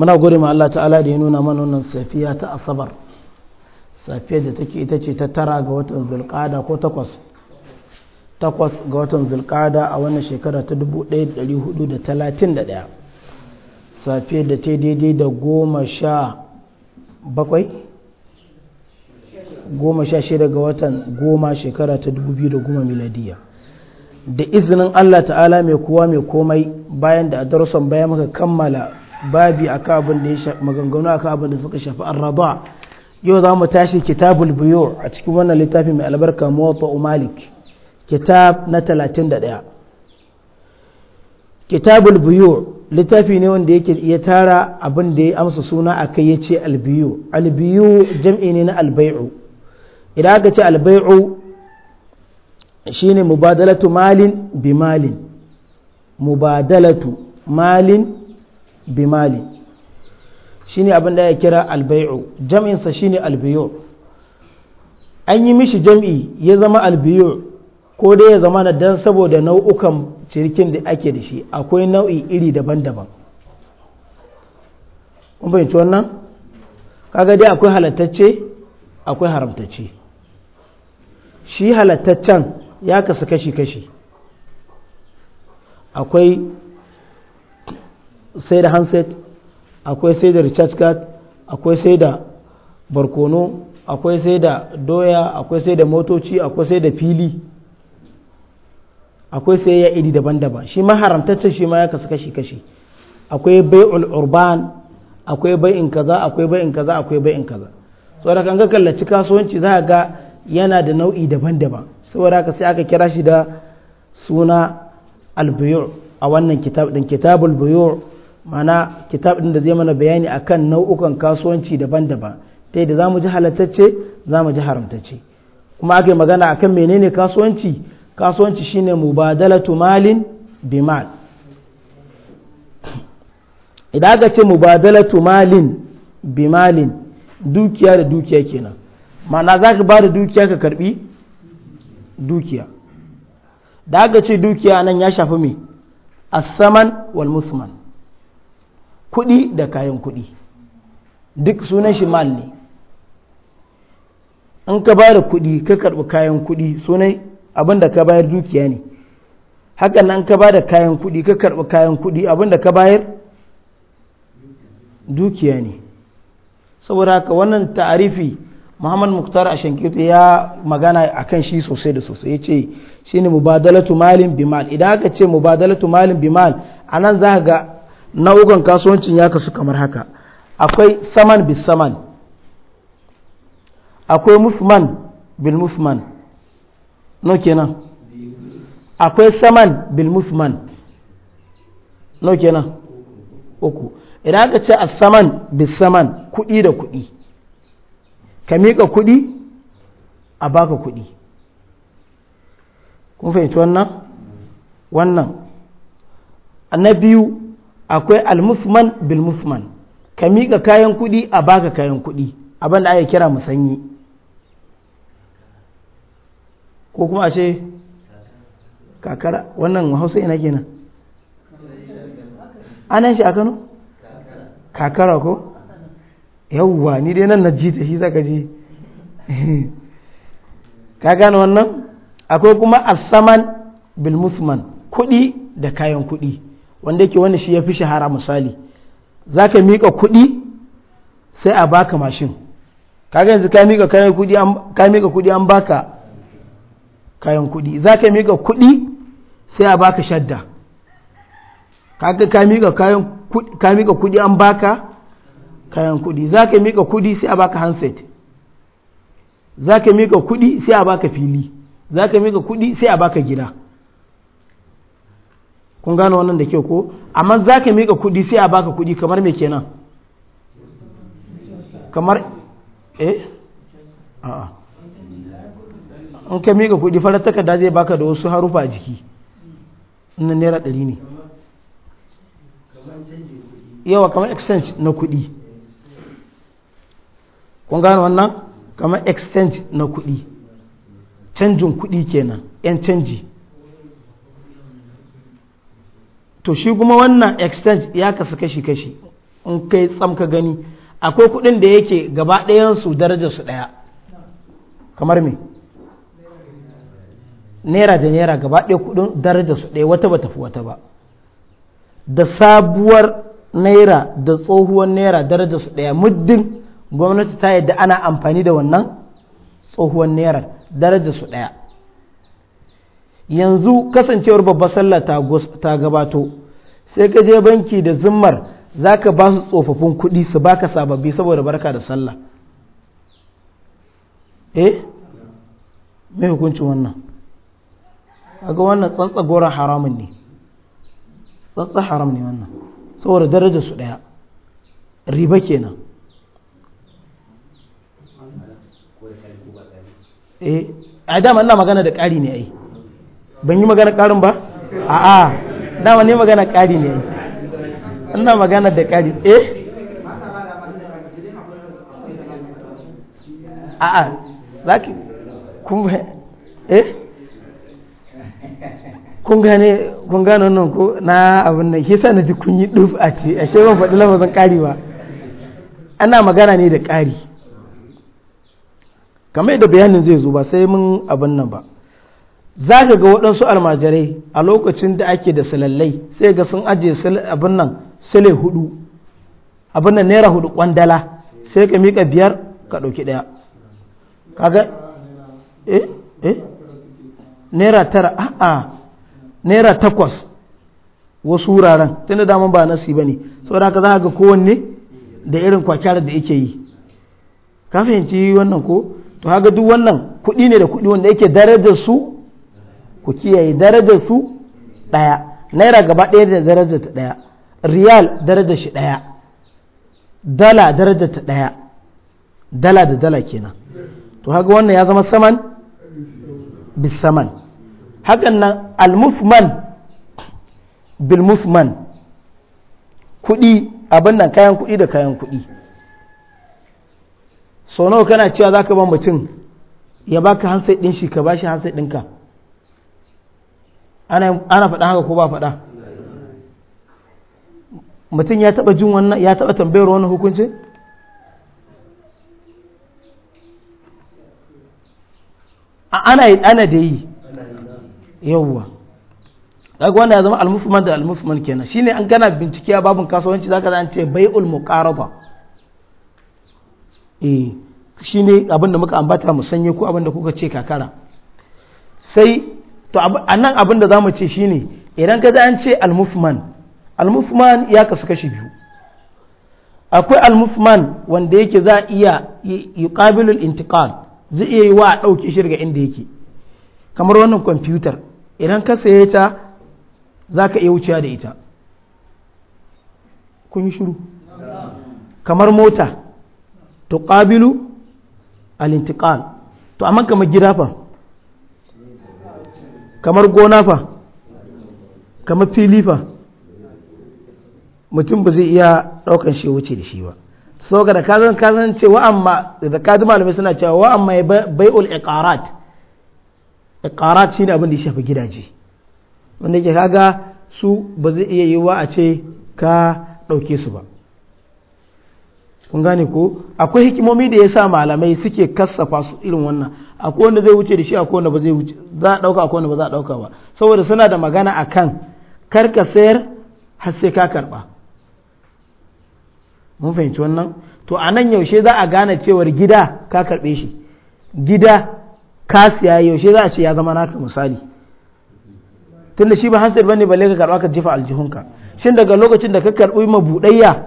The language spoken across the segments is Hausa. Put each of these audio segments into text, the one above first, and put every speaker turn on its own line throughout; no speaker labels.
muna gode ma Allah ta'ala da ya nuna mana wannan safiya ta asabar safiyar da take ita ce ta tara ga watan zulqada ko takwas takwas ga watan zulqada a wannan shekara ta 1431 safiyar da ta daidai da goma sha bakwai goma sha shida ga watan goma shekara ta 2010 miladiya da izinin Allah ta'ala mai kowa mai komai bayan da a darasan baya muka kammala babi akan abin da ya maganganu akan abin da suka shafi arrada yau za mu tashi kitabul biyu a cikin wannan littafi mai albarka mota malik kitab na 31 kitabul biyu littafi ne wanda yake iya tara abin da ya amsa suna a kai ya ce albiyu albiyu jam'i ne na albai'u idan aka ce albai'u shine mubadalatu malin bi malin mubadalatu malin bimali shine abin da ya kira albay'u jam'insa shine albiyu an yi mishi jam'i ya zama albiyu ko dai ya zama na dan saboda nau'ukan cirikin da ake da shi akwai nau'i iri daban-daban kun fahimci wannan kaga dai akwai halattacce akwai haramtacce shi halattaccen ya kasu kashi-kashi akwai sai da handset akwai sai da recharge card akwai sai da barkono akwai sai da doya akwai sai da motoci akwai sai da fili akwai sai ya iri daban-daban shi ma haramtacce shi ma ya kasu kashi-kashi akwai bai urban akwai bai'in kaza akwai bai'in kaza akwai bai'in kaza saboda kan kanga kallaci kasuwanci za ga yana da nau'i daban-daban saboda haka sai aka kira shi da suna albiyu a wannan kitab din kitabul biyu mana kitab din da zai mana bayani akan nau'ukan kasuwanci daban-daban ta yadda za mu ji halattacce za mu ji haramtacce kuma aka yi magana akan menene kasuwanci kasuwanci shine mubadalatu malin bi mal idan aka ce mubadalatu malin bi malin dukiya da dukiya kenan mana za ka ba da dukiya ka karbi dukiya da aka ce dukiya nan ya shafi me asaman wal musman kuɗi da kayan kuɗi duk sunan shi mal ne an ka ba da kuɗi ka karɓi kayan kuɗi sunan abin da ka bayar dukiya ne hakan nan ka ba da kayan kuɗi ka karɓi kayan kuɗi abin da ka bayar dukiya ne saboda haka wannan ta'arifi muhammad muktar a shankirta ya magana a kan shi sosai da sosai ya ce shi ne mubadalatu malin bimal idan aka ce mubadalatu malin bimal a nan za ga nau'ukan kasuwancin ya kasu kamar haka akwai saman bi saman akwai musman bil musman no kenan akwai saman bil musman no kenan uku idan aka ce a saman bi saman kuɗi da kuɗi ka miƙa kuɗi a baka kuɗi kun fahimci wannan wannan na biyu akwai almusman bilmusman ka miƙa kayan kuɗi a baka kayan kuɗi abin da ake kira musanyi ko kuma ashe kakara wannan hausa ina kenan ana shi a kano kakara ko yawwa ni dai nan na ji ta shi zaka ji ka gane wannan akwai kuma asaman bilmusman kuɗi da kayan kuɗi wanda yake wani shi ya fi shahara misali za ka miƙa kuɗi sai a baka mashin kaga yanzu ka miƙa kuɗi ka miƙa kuɗi an baka kayan kuɗi za ka miƙa kuɗi sai a baka shadda kaga ka miƙa kayan ka miƙa kuɗi an baka kayan kuɗi za ka miƙa kuɗi sai a baka handset za ka miƙa kuɗi sai a baka fili za ka miƙa kuɗi sai a baka gida kun gano wannan da kyau ko amma za ka miƙa kuɗi sai a baka kuɗi kamar me kenan kamar eh a'a in ka miƙa kuɗi farar takarda zai baka da wasu harufa a jiki na naira ɗari ne yawa kamar exchange na kuɗi kun gano wannan kamar exchange na kuɗi canjin kuɗi kenan 'yan canji to shi kuma wannan exchange ya kasu kashi-kashi in kai tsamka gani akwai kuɗin da yake gaba ɗayansu darajar su ɗaya kamar me naira da naira gaba ɗaya kuɗin darajar su ɗaya wata ba tafi wata ba da sabuwar naira da tsohuwar naira darajar su ɗaya muddin gwamnati ta yadda ana amfani da wannan tsohuwar naira darajar su ɗaya yanzu kasancewar babbar sallah ta gabato sai ka je banki da zimmar za ka ba su tsofaffin kuɗi su baka sababbi saboda barka da sallah eh mai hukuncin wannan ga wannan tsantsa goron haramun ne tsantsa haram ne wannan saboda darajar su ɗaya riba kenan eh a dama ina magana da ƙari ne ai ban yi magana ƙarin ba a'a dama ne magana ƙari ne ina magana da ƙari eh a'a za ki kun eh. kun gane nan ko na abin nan shi na ji kun yi duf a ce a ban faɗi lafazin ƙari ba ana magana ne da ƙari kamar da bayanin zai zo ba sai mun abin nan ba za ka ga waɗansu almajirai a lokacin da ake da salallai sai ga sun ajiye abin nan sale hudu abin nan naira hudu kwandala sai ka mika biyar ka ɗauki ɗaya kaga eh eh naira tara a'a naira takwas wasu wuraren tunda daman ba nasi ba ne saboda haka za ga kowanne da irin kwakyar da yake yi ka fahimci wannan ko to haka duk wannan kuɗi ne da kuɗi wanda yake darajar su ku kiyaye darajar su ɗaya naira gaba ɗaya da daraja ta ɗaya riyal darajar shi ɗaya dala daraja ta ɗaya dala da dala kenan to haka wannan ya zama saman saman hakan nan bil bilmufman kuɗi abin nan kayan kuɗi da kayan kuɗi sau nawa kana cewa zaka ka ba mutum ya baka hansai ɗin shi ka bashi hansai ɗinka ana faɗa haka ko ba faɗa mutum ya taɓa jin wannan ya taɓa tambayar wannan hukuncin ana ɗana da yi yawwa daga wanda ya zama almufman da almufman kenan shine an gana bincike a babin kasuwanci zaka zan ce bai'ul muqarada eh, shi ne abinda muka ambata mu ko abinda kuka ce kakara sai to a nan abin da za mu ce shi ne idan ka an ce almufman almufman ya kasu kashi biyu akwai almufman wanda yake za iya yuqabilul intikal zai iya yi wa a ɗauki shi daga inda yake kamar wannan kwamfutar idan ka saye ta za ka iya wucewa da ita kun yi shuru kamar mota to al-intiqal to amma kamar gida fa kamar gona fa kamar fili fa mutum ba zai iya ɗaukan shi wuce da shi ba ga da kazan kazan ce wa'amma da kaji malamai suna cewa wa'amma ya ul iqarat iqarat shine abin da ya shafi gidaje wanda yake kaga su ba zai iya yi wa a ce ka ɗauke su ba kun gane ko akwai hikimomi da ya sa malamai suke kassafa su irin wannan akwai wanda zai wuce da shi akwai wanda ba zai wuce za a dauka akwai wanda ba za a dauka ba saboda suna da magana akan kar ka sayar har sai ka karba mun fahimci wannan to a nan yaushe za a gane cewar gida ka karbe shi gida ka siya yaushe za a ce ya zama naka misali tunda shi ba hansar bane balle ka karba ka jefa aljihunka shin daga lokacin da ka karbi mabudayya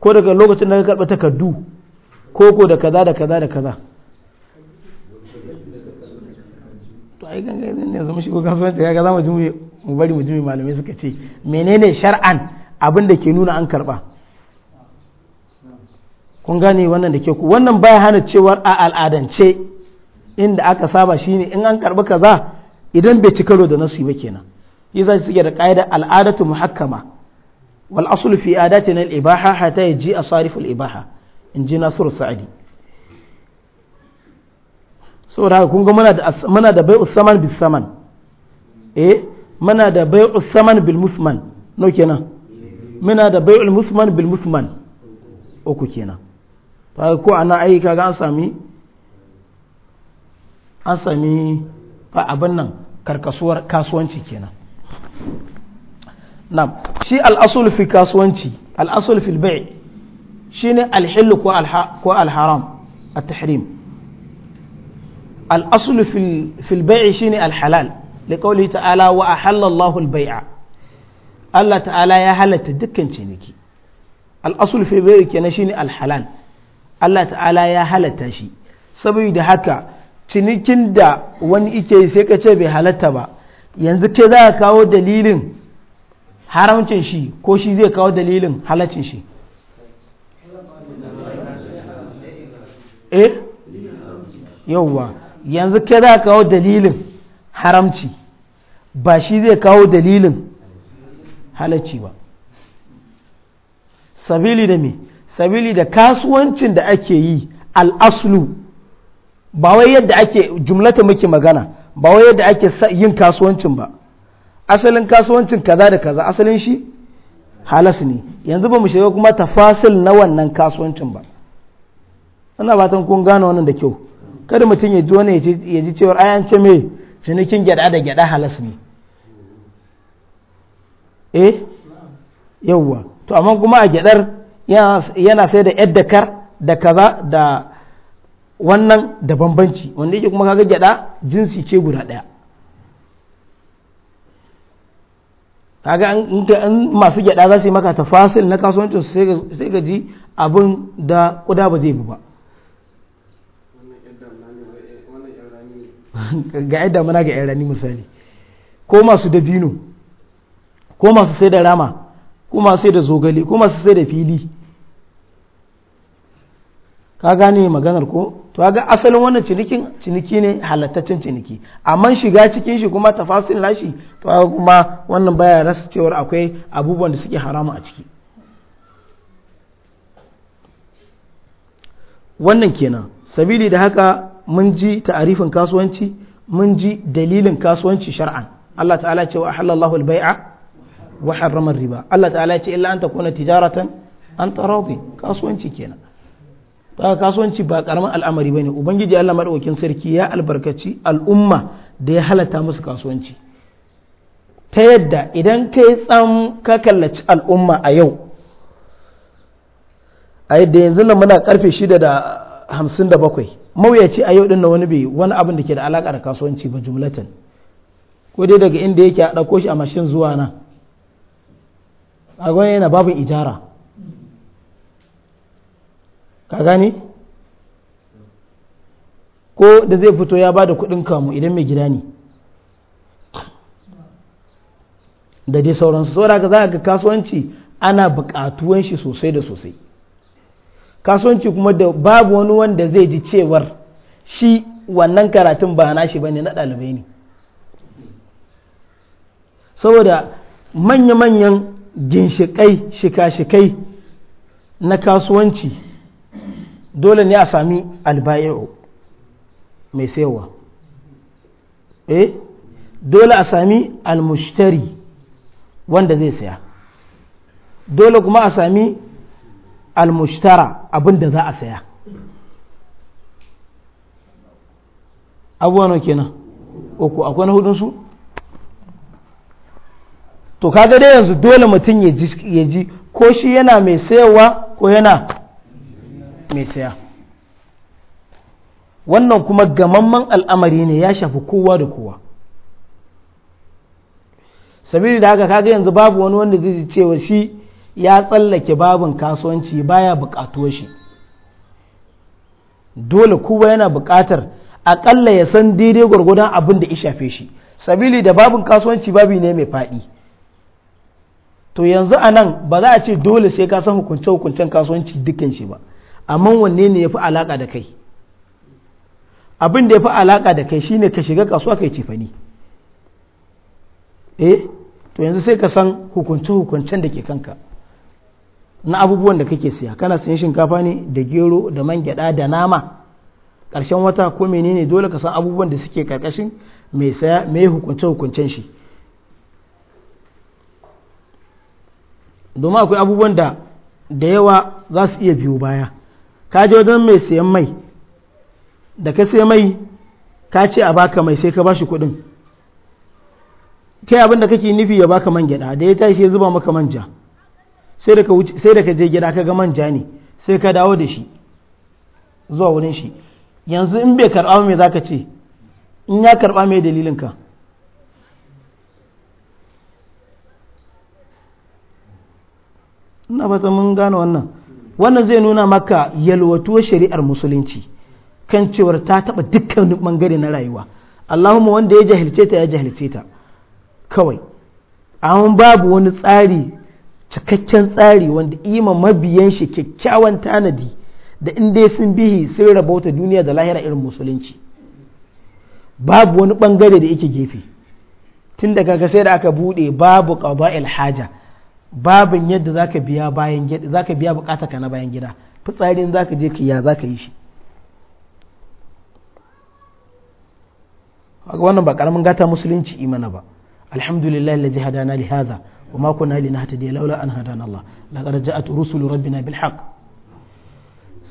ko daga lokacin da ka karba takardu ko ko da kaza da kaza da kaza ai ganga ne ne zama shigo kasuwanci kaga za mu ji mu bari mu ji malamai suka ce menene shar'an abin da ke nuna an karba kun gane wannan da ke ku wannan baya hana cewar a al'adance inda aka saba shine in an karbi kaza idan bai ci karo da nasu ba kenan yi za su da ƙa'ida al'adatu muhakkama wal aslu fi adatina al ibaha hatta yaji a al ibaha in ji nasiru sa'adi saboda haka kun ga muna da bai usaman bil saman eh mana da bai usaman bil musman no kenan muna da bai musman bil musman uku kenan ta ko ana ai kaga an sami an sami abin nan karkasuwar kasuwanci kenan na'am shi al'asul fi kasuwanci al'asul fil bai shine alhillu ko alharam at-tahrim al'asulu fil bai'i shine alhalal da kawai ta'ala wa a halallahu albai'a Allah ta'ala ya halatta dukkan ciniki al'asulu fil bai'i kenan shine alhalal Allah ta'ala ya halatta shi saboda haka cinikin da wani ike sai ka ce bai halatta ba yanzu ke za ka kawo dalilin haramcin shi ko shi zai kawo dalilin halaccin shi eh yauwa yanzu ke za kawo dalilin haramci ba shi zai kawo dalilin halacci ba sabili da me sabili da kasuwancin da ake yi al'aslu ba wai yadda ake jumlata muke magana ba wai yadda ake yin kasuwancin ba asalin kasuwancin kaza da kaza asalin shi halas ne yanzu ba mu shiga kuma tafasil na wannan kasuwancin ba ana fatan kun gane wannan da kyau kada mutum ya zo ne ya ji cewar ayan ce mai cinikin gyada da gyada halas ne eh yawwa to amma kuma a gyadar yana sai da yaddakar da kaza da wannan da bambanci wanda yake kuma kaga gyada jinsi ce guda daya kaga in masu gyada za su yi maka tafasil na kasuwancin sai ga ji abin da kuda ba zai bi ba ga yadda muna ga yarani rani misali ko masu dabino ko masu sai da rama ko masu sai da zogale ko masu sai da fili ka gane maganar ko to ga asalin wannan cinikin ciniki ne halattaccen ciniki amma shiga cikin shi kuma tafasin nashi to ga kuma wannan baya rasa cewar akwai abubuwan da suke haramu a ciki wannan kenan sabili da haka mun ji ta'arifin kasuwanci mun ji dalilin kasuwanci shar'an Allah ta'ala ce wa halallahu al-bai'a wa harrama riba Allah ta'ala ce illa an takuna tijaratan an taradi kasuwanci kenan kasuwanci ba karamin al'amari bane ubangiji Allah madaukakin sarki ya albarkaci al'umma da ya halatta musu kasuwanci ta yadda idan kai tsam ka kallaci al'umma a yau a yadda yanzu nan muna karfe shida da hamsin da bakwai mawuyaci a yau na wani bai wani abin da ke da alaka da kasuwanci ba jumlatan ko dai daga inda yake a ɗauko shi a mashin zuwa na agon yana babin ijara ka gani ko da zai fito ya ba da kuɗin kamu idan mai gida ne da dai sauransu saboda ka za ka kasuwanci ana buƙatuwan shi sosai da sosai kasuwanci kuma da babu wani wanda zai ji cewar shi wannan karatun ba nashi bane na ɗalibai ne saboda manya-manyan ginshikai shika-shikai na kasuwanci dole ne a sami albayo mai sayarwa eh dole a sami almushtari wanda zai saya dole kuma a sami almushtara abin da za a saya abuwa nawa kenan uku akwai na hudunsu to kaga dai yanzu dole mutum ya ji ko shi yana mai sayarwa ko yana mai saya wannan kuma gamamman al'amari ne ya shafi kowa da kowa sabili da haka kaga yanzu babu wani wanda zai cewa shi ya tsallake babin kasuwanci baya bukato shi dole kuma yana buƙatar aƙalla ya san daidai gwargwadon abin da ya shafe shi sabili da babin kasuwanci babi ne mai faɗi to yanzu a nan ba za a ce dole sai ka san hukunce-hukuncen kasuwanci dukkan shi ba amma wanne ne ya fi alaƙa da kai abin da ya fi alaƙa da kai shine ka shiga kasuwa kai cifani eh to yanzu sai ka san hukunce-hukuncen da ke kanka na abubuwan da kake siya kana siyan shinkafa ne da gero da man gyada da nama ƙarshen wata ko menene dole ka san abubuwan da suke karkashin mai saya mai hukunce hukuncen shi domin akwai abubuwan da da yawa za su iya biyo baya ka je wajen mai sayan mai da ka mai ka ce a baka mai sai ka bashi kuɗin kai abin da kake nufi ya baka man gyada da ya tashi ya zuba maka manja sai da ka je gida ka ga manja ne sai ka dawo da shi zuwa wurin shi yanzu in bai karɓa mai za ka ce in ya karɓa mai dalilinka ina fata mun gane wannan wannan zai nuna maka yalwatuwar shari'ar musulunci kan cewar ta taɓa dukkan ɓangare na rayuwa allahumma wanda ya jahilce ta ya jahilce ta kawai amma babu wani tsari cikakken tsari wanda ima mabiyan shi kyakkyawan tanadi da inda sun bihi sun rabauta duniya da lahira irin musulunci babu wani bangare da yake gefe tun daga ga sai da aka bude babu qada'il haja babin yadda zaka biya bayan gida zaka biya bukata ka na bayan gida fitsarin zaka je ya zaka yi shi wannan ba karamin gata musulunci imana ba alhamdulillah alladhi hadana li hadha وما كنا لنهتدي لولا أن هدانا الله لقد جاءت رسل ربنا بالحق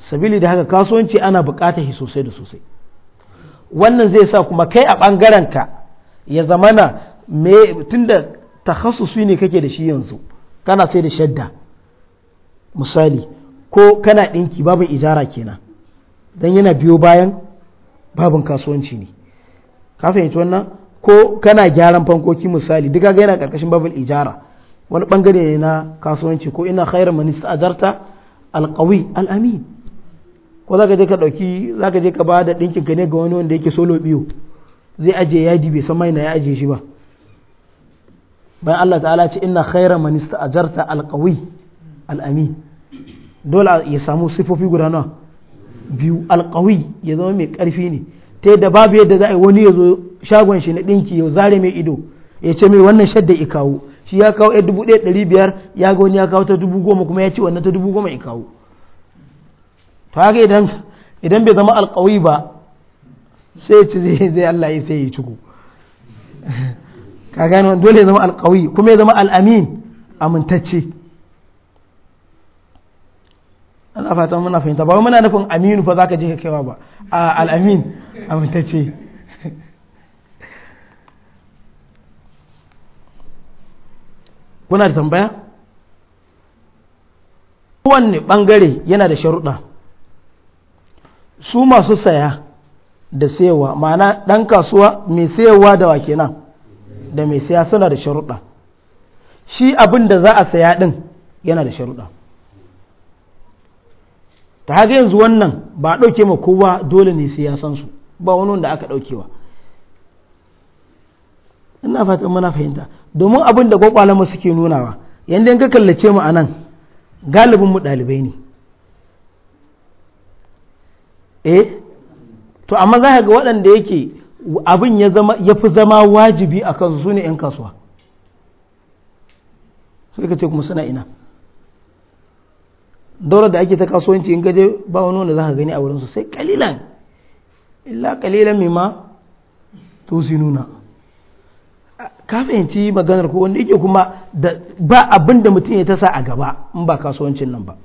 sabili da haka kasuwanci ana bukata shi sosai da sosai wannan zai sa kuma kai a bangaren ka ya zamana me tunda takhassusi ne kake da shi yanzu kana sai da shadda misali ko kana ɗinki babin ijara kenan dan yana biyo bayan babin kasuwanci ne ka fahimci wannan ko kana gyaran fankoki misali duka ga yana karkashin babul ijara wani bangare ne na kasuwanci ko ina khairar manista ajarta alkawi al'amin ko za ka je ka ɗauki za ka je ka ba da ɗinkin ka ne ga wani wanda yake solo biyu zai ajiye yadi bai san mai na ya ajiye shi ba bayan Allah ta'ala ce ina khairar manista ajarta alkawi al'amin dole ya samu sifofi guda nawa biyu alkawi ya zama mai karfi ne ta yadda babu yadda za a yi wani ya zo shagon shi na ɗinki ya zare mai ido ya ce mai wannan shadda ikawo shi ya kawo dubu ɗaya ɗari biyar ya ga wani ya kawo ta dubu goma kuma ya ce wannan ta dubu goma ya kawo to haka idan idan bai zama alkawai ba sai ci zai Allah ya sai ya ciku ka wani dole ya zama alkawai kuma ya zama al'amin amintacce ana fatan muna fahimta ba muna nufin aminu fa zaka je ka kewa ba al'amin amintacce kuna da tambaya kowanne bangare yana da sharuɗa su masu saya da sayawa ma'ana ɗan kasuwa mai sayawa da wa kenan da mai saya suna da sharuɗa shi abin da za a saya ɗin yana da sharuɗa ta haka yanzu wannan ba a ɗauke ma kowa dole ne sai ya san su ba wani wanda aka ɗaukewa ina fatan muna fahimta domin abin da kwakwalama suke nunawa yadda yanka ka kallace mu a nan galibin mu ɗalibai ne eh to amma za ga waɗanda yake abin ya fi zama wajibi a kansu su ne 'yan kasuwa sai ka ce kuma suna ina daular da ake ta kasuwanci in gaje ba wani wanda za ka gani a wurinsu sai kalilan illa kalilan mai ma to nuna ka fahimci maganar ko wanda yake kuma ba abin da mutum ya ta sa a gaba in ba kasuwancin nan ba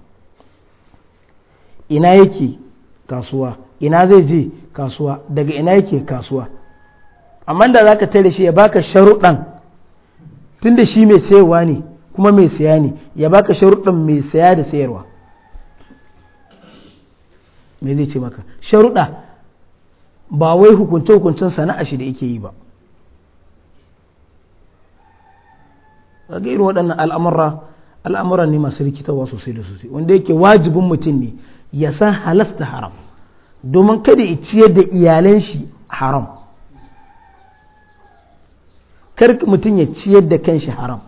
ina yake kasuwa ina zai je kasuwa daga ina yake kasuwa amma da za ka tare shi ya baka sharuɗan tun da shi mai sayarwa ne kuma mai saya ne ya baka sharuɗan mai saya da sayarwa me zai ce maka sharuɗa ba wai hukunce-hukuncen sana'a shi da yake yi ba kaga irin waɗannan al'amura al'amura ne masu rikitarwa sosai da sosai wanda yake wajibin mutum ne ya san halas da haram domin kada ya ciyar da iyalan shi haram kar mutum ya ciyar da kanshi haram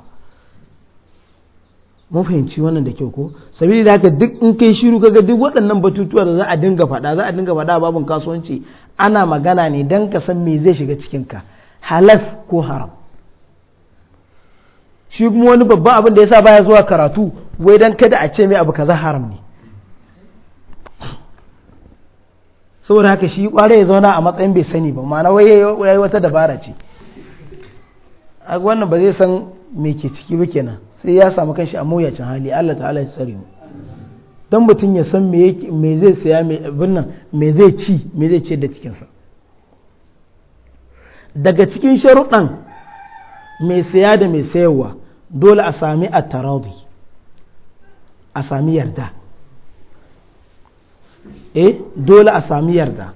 mun fahimci wannan da kyau ko sabili da haka duk in kai shiru kaga duk waɗannan batutuwa da za a dinga faɗa za a dinga faɗa babin kasuwanci ana magana ne dan ka san me zai shiga cikin ka halas ko haram shi kuma wani babban abin da ya sa baya zuwa karatu wai dan kada a ce mai abu kaza haram ne saboda haka shi kware ya zauna a matsayin bai sani ba ma'ana wai yayi wata dabara ce a wannan ba zai san me ke ciki ba kenan sai ya samu kanshi a mawuyacin hali Allah ta'ala ya tsare don mutum ya san me zai saya abin nan me zai ci me zai ce da cikinsa daga cikin sharuɗan mai saya da mai sayarwa dole a sami a tarabi a sami yarda eh dole a sami yarda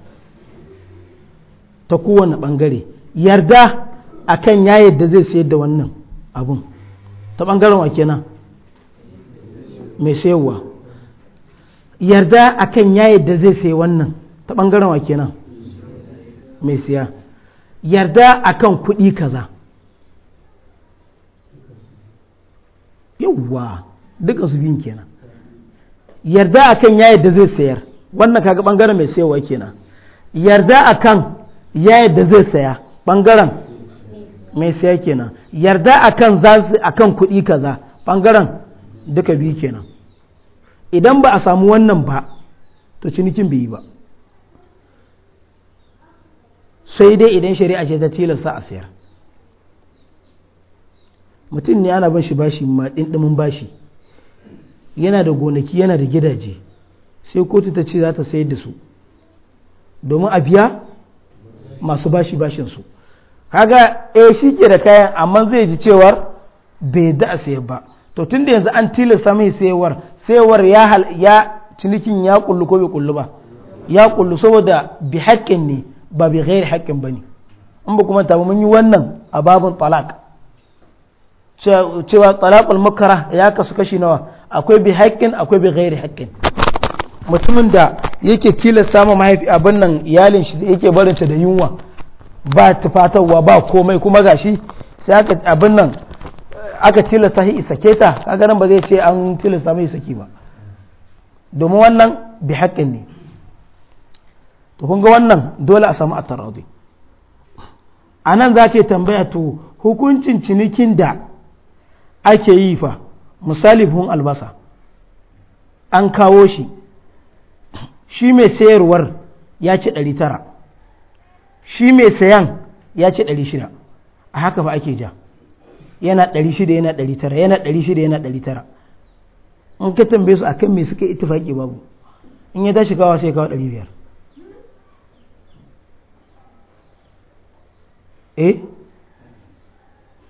ta kowane ɓangare yarda a kan ya yadda zai sayar da wannan abun ta ɓangaren wa kenan mai sayarwa yarda a kan ya yadda zai sayi wannan ta ɓangaren wa kenan mai siya yarda a kan kuɗi kaza yawwa duka su bin kenan yarda akan ya yadda zai sayar wannan kaga bangaren mai sayarwa kenan yarda akan ya yadda zai saya bangaren mai saya kenan yarda akan za su akan kuɗi kaza bangaren duka biyu kenan idan ba a samu wannan ba to cinikin bai yi ba sai dai idan shari'a ce ta tilasta a sayar mutum ne ana bashi bashi ma ɗinɗimin bashi yana da gonaki yana da gidaje sai kotu ta ce za ta sayar da su domin a biya masu bashi bashin su. kaga eh shi ke da kayan amma zai ji cewar bai da a sayar ba to tun da yanzu an tilasta mai sayarwar sayarwar ya cinikin ya kullu ko bai kullu ba ya kullu saboda bi haƙƙin ne ba bi ghairi haƙƙin bane in ba kuma ta mun yi wannan a babun talak cewa talakul makara ya kasu kashi nawa akwai bi haƙƙin akwai bi gairi haƙƙin mutumin da yake tilasta ma mahaifi abin nan iyalin shi yake barin barinta da yunwa ba tufatarwa ba komai kuma gashi sai aka abin nan aka tilasta shi isake ta kaga nan ba zai ce an tilasta mai saki ba domin wannan bi haƙƙin ne to kun ga wannan dole a samu at a nan za ce tambaya to hukuncin cinikin da ake yi fa misali buhun albasa an kawo shi shi mai sayarwar ya ci 900 shi mai sayan ya ci 600 a haka fa ake ja yana 600 yana 900 yana 600 yana 900 in ka tambaye su kan me suka ittifaki babu in ya tashi kawo sai kawo 500 eh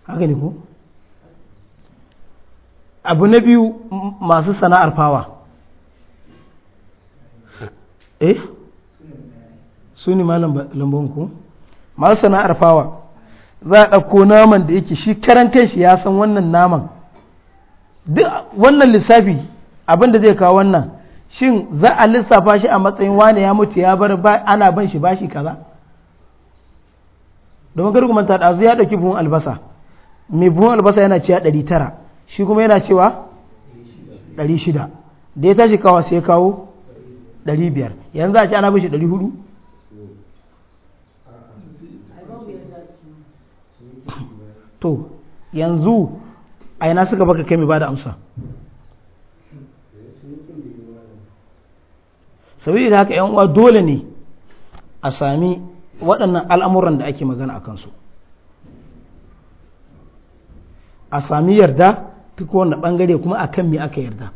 haka ne ko abu na biyu masu sana'ar fawa eh su ne ma lambanku masu sana'ar fawa za a ɗauko naman da yake shi karan kai shi ya san wannan naman duk wannan lissafi abin da zai kawo wannan shin za a lissafa shi a matsayin wane ya mutu ya bar ana ban shi bashi kaza domin gargumanta ɗazu ya ɗauki buhun albasa mai buhun albasa yana ciya ɗari tara shi kuma yana cewa 600 da ya tashi kawo sai kawo 500 yanzu a ce ana shi 400 to yanzu a yana suka baka kai mai ba da amsa sabi da haka yan dole ne a sami waɗannan al'amuran da ake magana a kansu a sami yarda duk wanda bangare kuma akan me aka yarda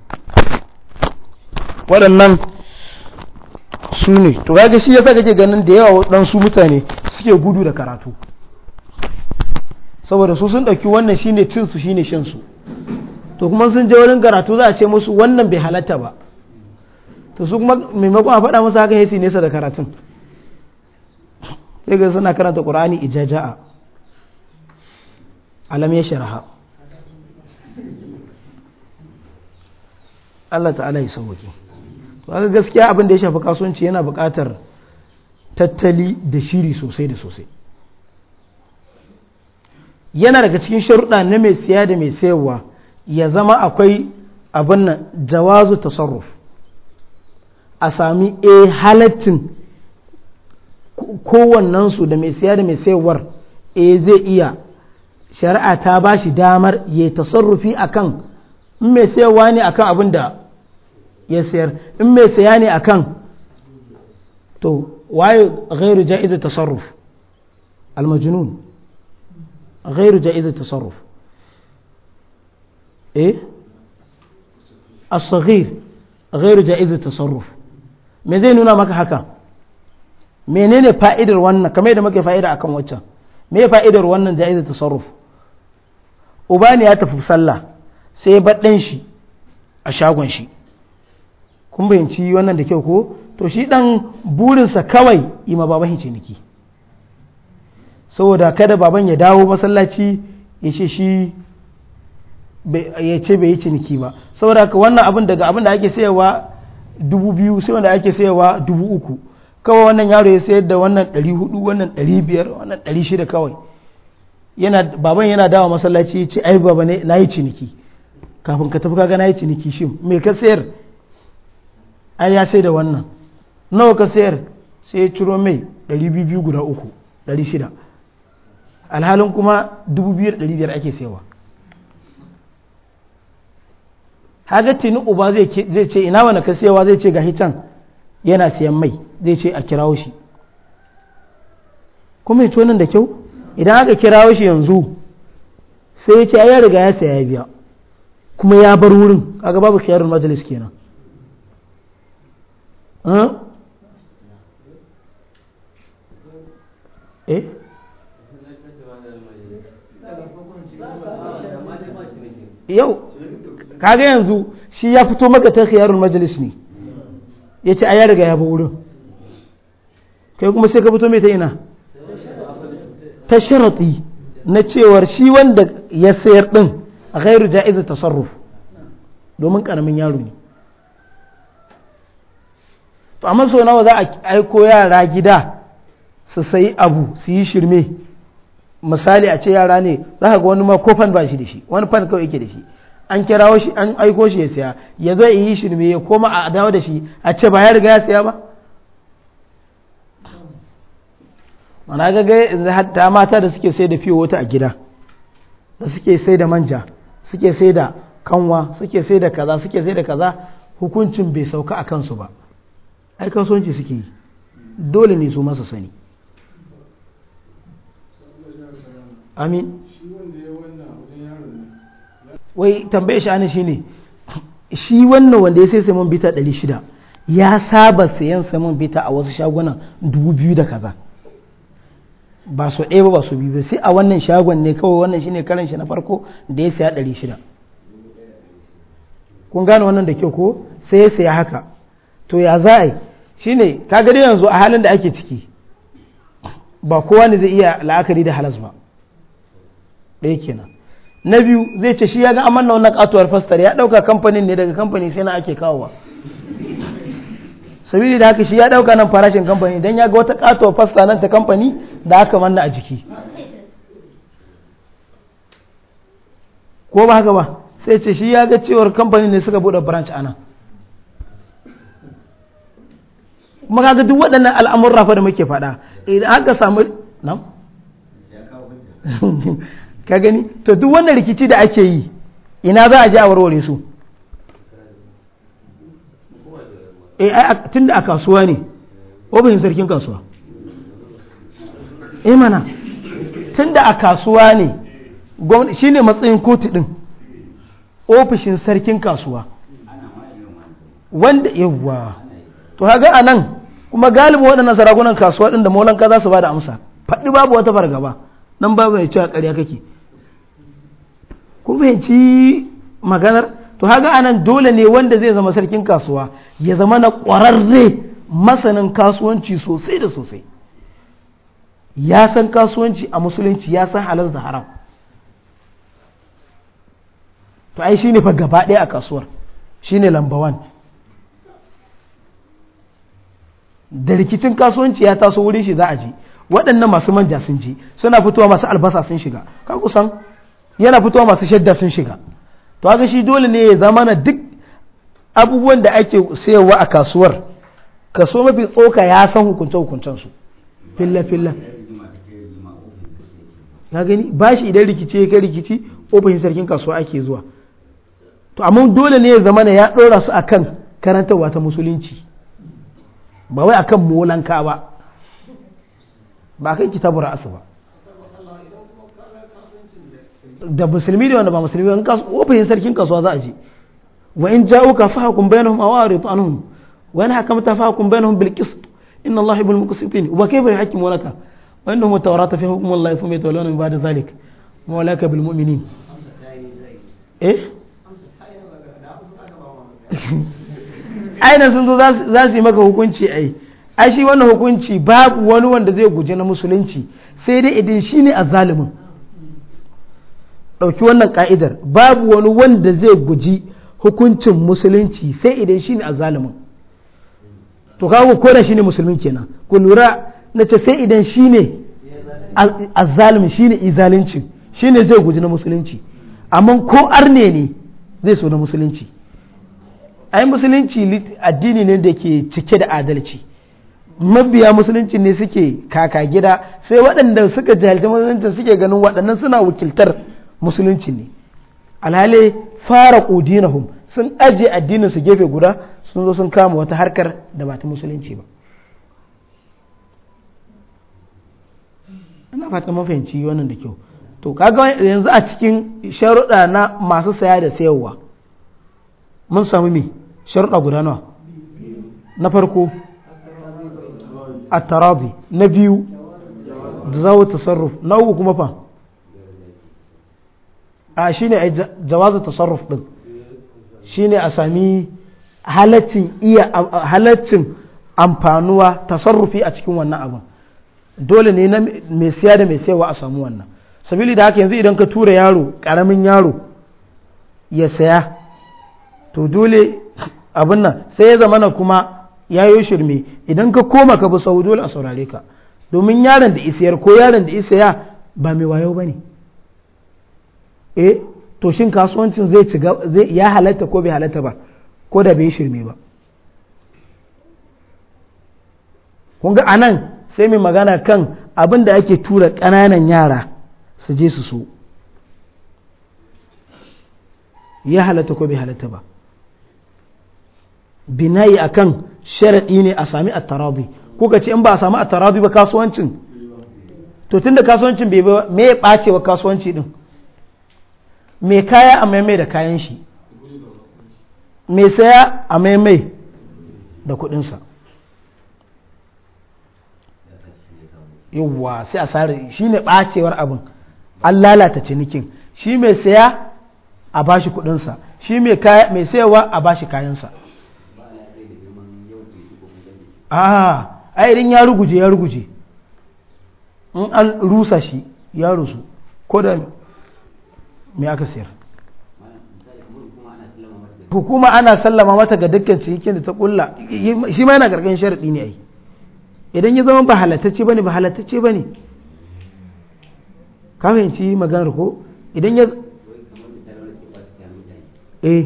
waɗannan su ne to ga shi yasa kake ganin da yawa dan su mutane suke gudu da karatu saboda su sun ɗauki wannan shine cin su shine shan su to kuma sun je wurin karatu za a ce musu wannan bai halatta ba to su kuma maimakon a faɗa masa haka hesi nesa da karatun sai ga suna karanta ƙura'ani ijaja'a alam ya sharaha Allah ta'ala ya sauke to kaga gaskiya abin da ya shafi kasuwanci yana buƙatar tattali da shiri sosai da sosai yana daga cikin sharuɗa na mai siya da mai sayarwa ya zama akwai abin nan jawazu tasarruf a sami a eh, halattin kowannensu da mai siya da mai sayarwar a eh, zai iya shari'a ta ba shi damar ya tasarrufi akan mai sayarwa ne akan abin da ya sayar in mai saya ne akan to waye gairu ja'izu tasarruf almajnun gairu ja'izu tasarruf eh asghir gairu ja'izu tasarruf me zai nuna maka haka menene fa'idar wannan kamar yadda muke fa'ida akan waccan me fa'idar wannan ja'izu tasarruf uba ya tafi sallah sai ya shi a shagon shi kun bayanci wannan da kyau ko to shi dan burinsa kawai ima baban hince ciniki saboda kada baban ya dawo masallaci ya ce shi ya ce bai yi ciniki ba saboda ka wannan abin daga abin da ake sayarwa dubu biyu sai wanda ake sayarwa dubu uku kawai wannan yaro ya sayar da wannan ɗari hudu wannan ɗari biyar wannan ɗari shida kawai yana baban yana dawa masallaci ya ce ai baba na yi ciniki kafin ka tafi kaga na yi ciniki shi mai ka sayar ai ya sai da wannan nawa ka sayar sai ya ciro mai 200 guda uku 600 alhalin kuma 2,500 ake saiwa haka tini uba zai ce ina wani ka saiwa zai ce ga hitan yana sayan mai zai ce a kirawo shi kuma ya nan da kyau idan aka kirawo shi yanzu sai ya ce ya riga ya saya biya kuma ya bar wurin ga babu khiyarul majalis kenan Et eh? yau kaga yanzu shi ya fito maka ta majalis ne ya ce a ya riga ya bi wurin kai kuma sai ka fito mai ta ina ta sharaɗi na cewar shi wanda ya sayar ɗin a gairu ja'izu tasarruf domin ƙaramin yaro ne to amma sau nawa za a aiko yara gida su sayi abu su yi shirme misali a ce yara ne za ka ga wani ma ko fan ba shi da shi wani fan kawai yake da shi an kira shi an aiko shi ya saya ya zo yi shirme ya koma a dawo da shi a ce ba ya riga ya saya ba mana ga yanzu hatta mata da suke sai da fiye wata a gida da suke sai da manja suke sai da kanwa suke sai da kaza suke sai da kaza hukuncin bai sauka a kansu ba ai kasuwanci suke yi dole ne su masa sani amin wai tambaye shi ana shine shi wannan wanda ya sai saman bita 600 ya saba sayan saman bita a wasu shagunan 2000 da kaza ba su ɗaya ba su biyu sai a wannan shagon ne kawai wannan shi ne karanshi na farko da ya saya 600 kun gane wannan da kyau ko sai ya saya haka to ya za a shine ka gari yanzu a halin da ake ciki ba kowa ne zai iya la'akari da halas ba ɗaya kenan na biyu zai ce shi ya ga amanna wannan katuwar fastar ya ɗauka kamfanin ne daga kamfani sai na ake kawowa sabili da haka shi ya ɗauka nan farashin kamfani don ya ga wata katuwar fasta nan ta kamfani da aka manna a jiki ko ba haka ba sai ce shi ya ga cewar kamfani ne suka buɗe branch a nan magaga duk waɗannan al'amurra rafa da muke faɗa idan aka samu nan? ka gani to duk wannan rikici da ake yi ina za a ji a warware su eh, tun da a kasuwa ne obin sarkin kasuwa eh, mana tun da a kasuwa ne shi ne matsayin kotu ɗin ofishin sarkin kasuwa wanda yawwa to haka a nan kuma galibin waɗannan sarakunan kasuwa ɗin da molanka za su ba da amsa faɗi babu wata fargaba nan babu ya a ƙarya kake kun fahimci maganar to haka a nan dole ne wanda zai zama sarkin kasuwa ya zama na ƙwararre masanin kasuwanci sosai da sosai ya san kasuwanci a musulunci ya san halar da haram to ai ne fa gaba ɗaya a kasuwar shine lamba 1 da rikicin kasuwanci ya taso wurin shi za a ji waɗannan masu manja sun ji suna fitowa masu albasa sun shiga ka kusan yana fitowa masu shadda sun shiga to haka shi dole ne ya zama na duk abubuwan da ake sayarwa a kasuwar kaso mafi tsoka ya san hukunce hukuncen su filla filla na gani ba shi idan rikici ya kai rikici ofishin sarkin kasuwa ake zuwa to amma dole ne ya zama na ya ɗora su akan karantarwa ta musulunci ba wai akan molanka ba ba kan kitabu ra'asu ba da musulmi da wanda ba musulmi ba in ofishin sarkin kasuwa za a ji wa in ja uka bayan fahkum awa rito an hun wa in hakamta fahkum bainahum bil qist inna allaha yuhibbul muqsitin wa kayfa yuhakkimu laka wa innahum tawrata fi hukmi allahi thumma yatawalluna min ba'di dhalik wa laka bil mu'minin eh aina sun zo za su yi maka hukunci ai ai shi wannan hukunci babu wani wanda zai guji na musulunci sai dai idan shi ne a zalimin ɗauki wannan ka'idar babu wani wanda zai guji hukuncin musulunci sai idan shi ne a zalimin to kawo ko da shi ne musulmin kenan ku lura na ce sai idan shi ne a zalimin shi ne izalincin shi ne zai guji na musulunci amma ko arne ne zai so na musulunci ai musulunci addini ne da ke cike da adalci mabiya musulunci ne suke kaka gida sai waɗanda suka jahilci musulunci suke ganin waɗannan suna wakiltar musulunci ne alhali fara ƙudinahum sun ajiye addinin su gefe guda sun zo sun kama wata harkar da ba ta musulunci ba ina fata mafahimci wannan da kyau to kaga yanzu a cikin sharuɗa na masu saya da sayarwa mun samu me sharuɗa guda nawa na farko a taradi na biyu jazawu tasarruf na uku kuma fa a shine ai jawazu tasarruf shi shine a sami halaccin iya halaccin amfanuwa tasarrufi a cikin wannan abin dole ne na mai siya da mai sayarwa a samu wannan sabili da haka yanzu idan ka tura yaro ƙaramin yaro ya saya to dole abin nan sai ya zama na kuma ya yi shirme idan ka koma ka bi sau dole a saurare ka domin yaron da isiyar ko yaron da isiya ba mai wayo ba ne eh to shin kasuwancin zai ci ya halatta ko bai halatta ba ko da bai shirme ba kun ga anan sai mai magana kan abin da ake tura ƙananan yara su je su so ya halatta ko bai halatta ba binayi akan sharaɗi ne a sami ko ka ce in ba a sami attaradi ba kasuwancin to tunda kasuwancin bai ba me ya wa kasuwanci din me kaya a maimai da kayan shi me saya a maimai da kuɗinsa yawwa sai a sare shi ne ɓacewar abin an lalata cinikin shi mai saya a bashi kuɗinsa shi mai sayawa a bashi kayansa ah a idan ya ruguje ya ruguje in an rusa shi ya rusu ko da me aka sayar hukuma ana sallama mata ga dukkan cikin da ta kulla shi ma yana gargan sharaɗi ne ai idan ya zama ba halattacce ne ba halattacce bane ka ci maganar ko idan ya eh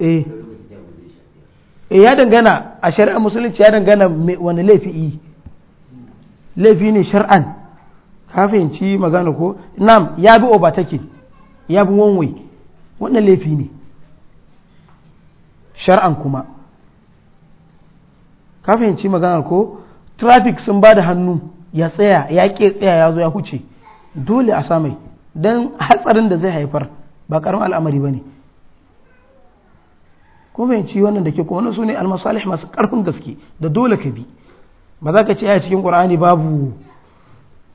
eh Eh, ya dangana a shari'ar musulunci ya dangana wani laifi yi laifi ne shari'an ka fahimci magana ko nam ya bi obatakin ya bi wanwai wannan laifi ne shari'an kuma ka fahimci magana ko traffic sun ba da hannu ya tsaya ya ke tsaya ya zo ya huce dole a samai don hatsarin da zai haifar ba karamin al'amari ba ne Kuma fahimci wannan da ke kuma wannan su ne almasalih masu karfin gaske da dole ka bi ba za ka ce a cikin qur'ani babu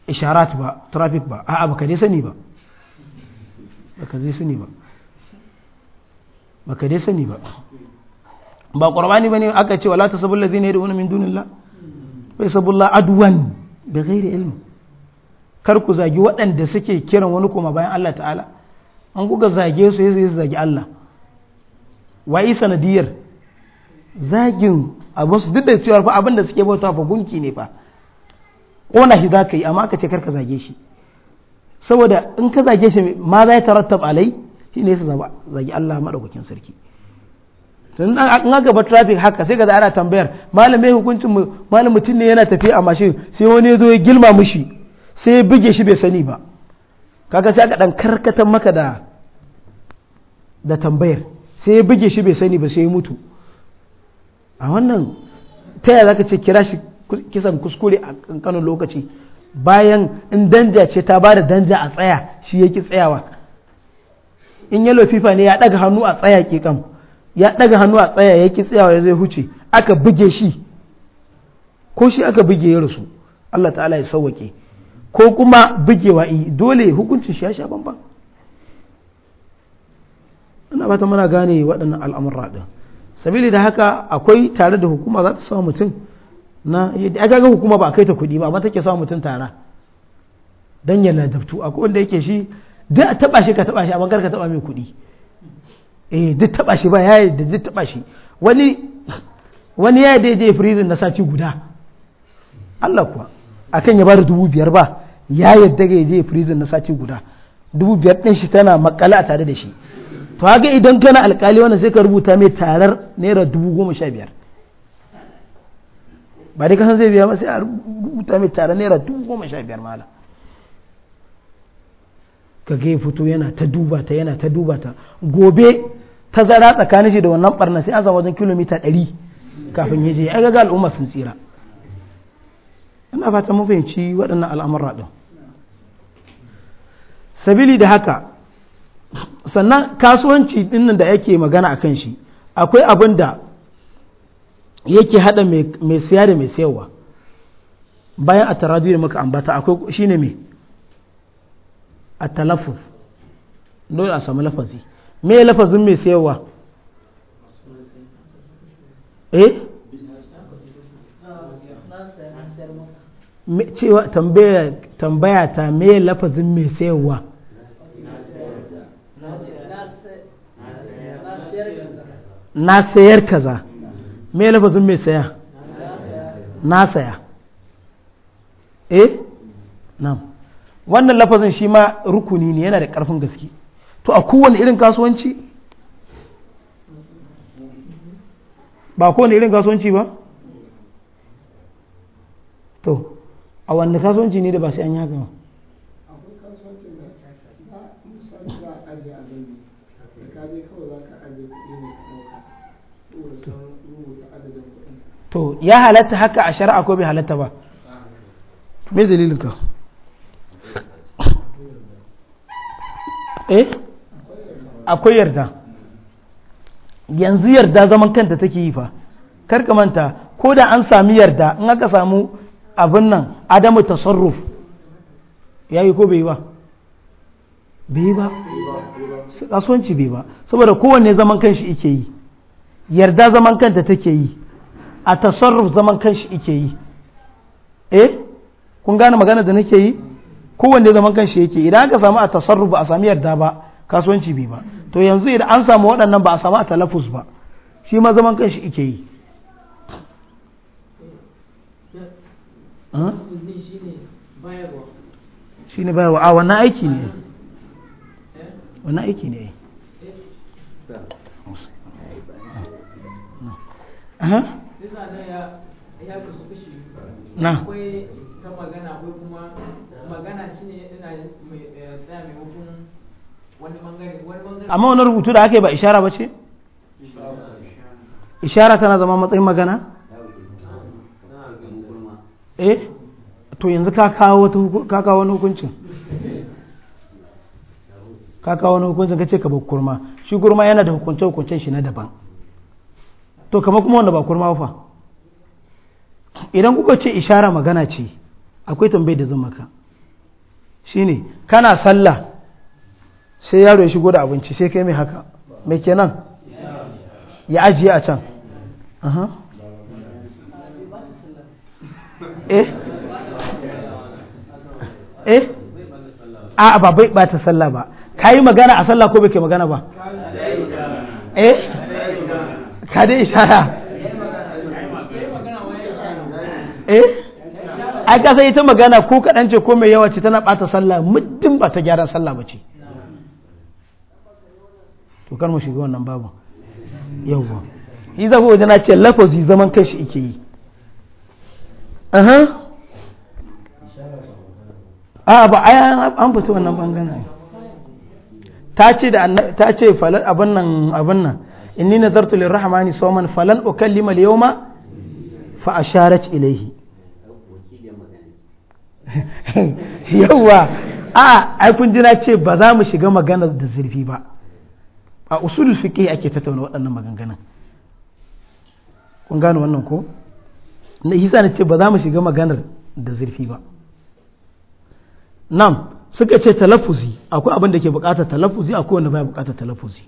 isharat ba traffic ba a'a baka dai sani ba baka dai sani ba baka dai sani ba ba qur'ani bane aka ce wala tasabul ladina yad'una min dunillah fa yasabullah adwan bighairi ilm kar ku zagi waɗanda suke kiran wani kuma bayan Allah ta'ala an kuka zage su sai su zagi Allah wayi sanadiyar zagin abin su duk da cewa fa abin da suke bauta fa gunki ne fa kona shi za ka yi amma ka ce kar ka zage shi saboda in ka zage shi ma za ya tarattab alai shi ne su zagi Allah madaukakin sarki in ga bar traffic haka sai ga ana tambayar malamai hukuncin mu malam mutum ne yana tafiya a mashin sai wani ya zo ya girma mushi sai ya buge shi bai sani ba kaga sai aka dan karkatar maka da da tambayar sai ya buge shi bai sani ba sai ya mutu a wannan ta yaya zaka ce kira shi kisan kuskure a kankanin lokaci bayan in danja ce ta ba da danja a tsaya shi ya ki tsayawa in yalo fifa ne ya daga hannu a tsaya ke kam ya daga hannu a tsaya ya ki tsayawa ya zai huce aka buge shi ko shi aka buge ya rasu Allah ta'ala ya sauwake ko kuma bugewa eh, dole hukuncin shi ya sha bambam ina ba ta mana gane waɗannan al'amurra ɗin sabili da haka akwai tare da hukuma za ta sa mutum na yadda ya ga hukuma ba a kai ta kuɗi ba amma take sa mutum tara don yana daftu akwai wanda yake shi duk a taɓa shi ka taɓa shi amma kar ka taɓa mai kuɗi eh duk taɓa shi ba ya yadda duk taɓa shi wani wani ya yadda je firizin na sati guda Allah kuwa akan ya bada dubu biyar ba ya yadda ga je firizin na sati guda dubu biyar ɗin shi tana makala a tare da shi to haka idan kana alkali wannan sai ka rubuta mai tarar naira dubu goma sha biyar ba dai kasan zai biya ba sai a rubuta mai tarar naira dubu goma sha biyar mala ka ga fito yana ta duba ta yana ta duba ta gobe tazara tsakanin shi da wannan barna sai an samu wajen kilomita ɗari kafin ya je ai ga al'umma sun tsira ina fata mun fahimci waɗannan al'amura ɗin sabili da haka sannan kasuwanci dinnan da yake magana a kan shi akwai abin da yake hada mai siya da mai sayarwa bayan a taradu da muka ambata akwai shi ne mai a talafu dole a samu lafazi me lafazin mai sayarwa eh cewa tambaya ta me lafazin mai sayarwa na sayar kaza me lafazin mai saya na saya eh na wannan lafazin shi ma rukuni ne yana da ƙarfin gaske to a kowane irin kasuwanci ba kowane irin kasuwanci ba to a wanda kasuwanci ne da ba sai an yaga ba to ya halatta haka a shari'a ko bai halatta ba me dalilinka eh akwai yarda yanzu yarda zaman kanta take yi fa karka manta ko da an sami yarda in aka samu abin nan adamu tasarruf ya yi ko bai yi ba bai yi ba kasuwanci bai ba saboda kowanne zaman kanshi ike yi yarda zaman kanta take yi a tasarruf zaman kanshi ike yi eh kun gane magana da nake yi kowanne zaman kanshi yake idan aka samu a tasarruf ba a sami yarda ba kasuwanci bi ba to yanzu idan an samu waɗannan ba a samu a talafus ba shi ma zaman kanshi ike yi shi ne bayarwa a wannan aiki ne wannan aiki ne Uh-huh. na ta magana akwai kuma magana shi ne ina eh, tsaya wani bangare amma wani rubutu da ake ba ishara ba ce ishara tana zama matsayin magana eh to yanzu ka kawo wani hukuncin ka kawo wani hukuncin ka ce ka bukurma shi gurma yana da hukunce-hukuncen shi na daban to kamar kuma wanda ba kurma fa idan kuka ce ishara magana ce akwai tambayi da zan maka shine kana sallah sai yaro ya shigo da abinci sai kai mai haka mai kenan ya ajiye a can eh eh a ba bai ba ta sallah ba Ka yi magana a sallah ko bai magana ba eh ka ishara eh ai ka ita magana ko kaɗan ce ko mai yawa ce tana ɓata sallah muddin ba ta gyaran sallah ba ce to kar mu shiga wannan babu yawwa yi zafi wajen na ce lafazi zaman kashi ike yi aha a ba an fito wannan bangana ta ce da ta ce abin nan abin nan inni nazartu lirrahmani sawman falan ukallima al-yawma fa asharat ilayhi yawa a ai kun ji na ce ba za mu shiga magana da zurfi ba a usulul fiqh ake tattauna waɗannan maganganun kun gane wannan ko na isa na ce ba za mu shiga maganar da zurfi ba nan suka ce talafuzi akwai abin da ke bukatar talafuzi akwai wanda baya bukatar talafuzi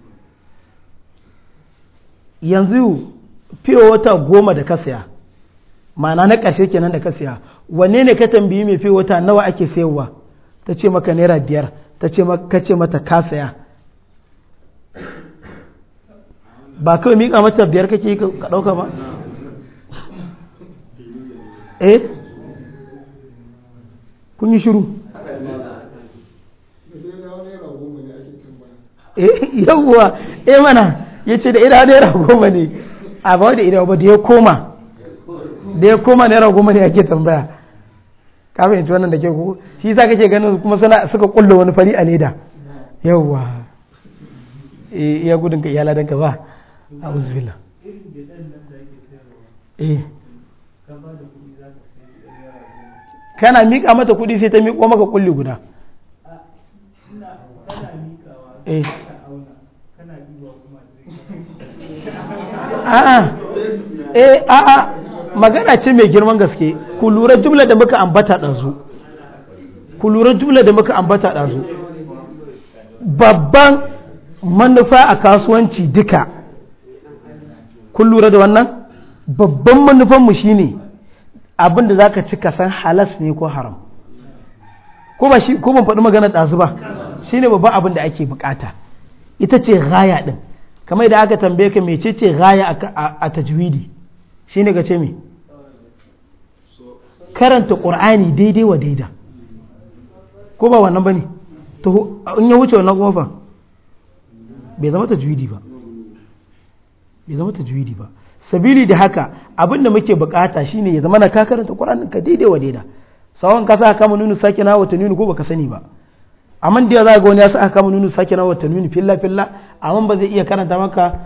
yanzu fiye wata goma da ka saya ma'ana na ƙarshe kenan da ka saya wanne ne ka tambayi mai fiye wata nawa ake sayarwa ta ce maka naira biyar ta ce ka ce mata ka saya ba kawai miƙa mata biyar kake yi ka ɗauka ba eh kun yi shiru eh yawwa eh mana ya ce da ina naira goma ne a ba da ina ba da ya koma da ya koma naira goma ne ake tambaya kafin in ci wannan da ke ku shi za ka ke ganin kuma suna suka kulla wani fari a leda yawwa eh, ya gudun ka iyala don ka ba a uzbila eh. kana miƙa mata kuɗi sai ta miƙo maka kulli guda eh Eh, a'a magana ce mai girman gaske ku lura jumla da muka ambata ɗazu ku lura jumla da muka ambata ɗazu babban manufa a kasuwanci duka ku lura da wannan babban manufanmu shi abin da za ka ci kasan halas ne ko haram ko ban faɗi magana ɗazu ba shi ne babban abin da ake bukata ita ce raya ɗin kamar da aka tambaye ka mecece gaya a tajwidi shine ka ce me karanta qur'ani daidai wa daida ko ba wannan ba ne in ya wuce wannan kofa bai zama tajwidi ba bai zama tajwidi ba sabili da haka abinda muke bukata shine ya zama na ka karanta qur'anin ka daidai wa daida sawan kasa kama nuna sake na sakina wa ko ba ka sani ba amma da za ga wani ya sa aka kama nuna sake na wata nuni filla filla amma ba zai iya karanta maka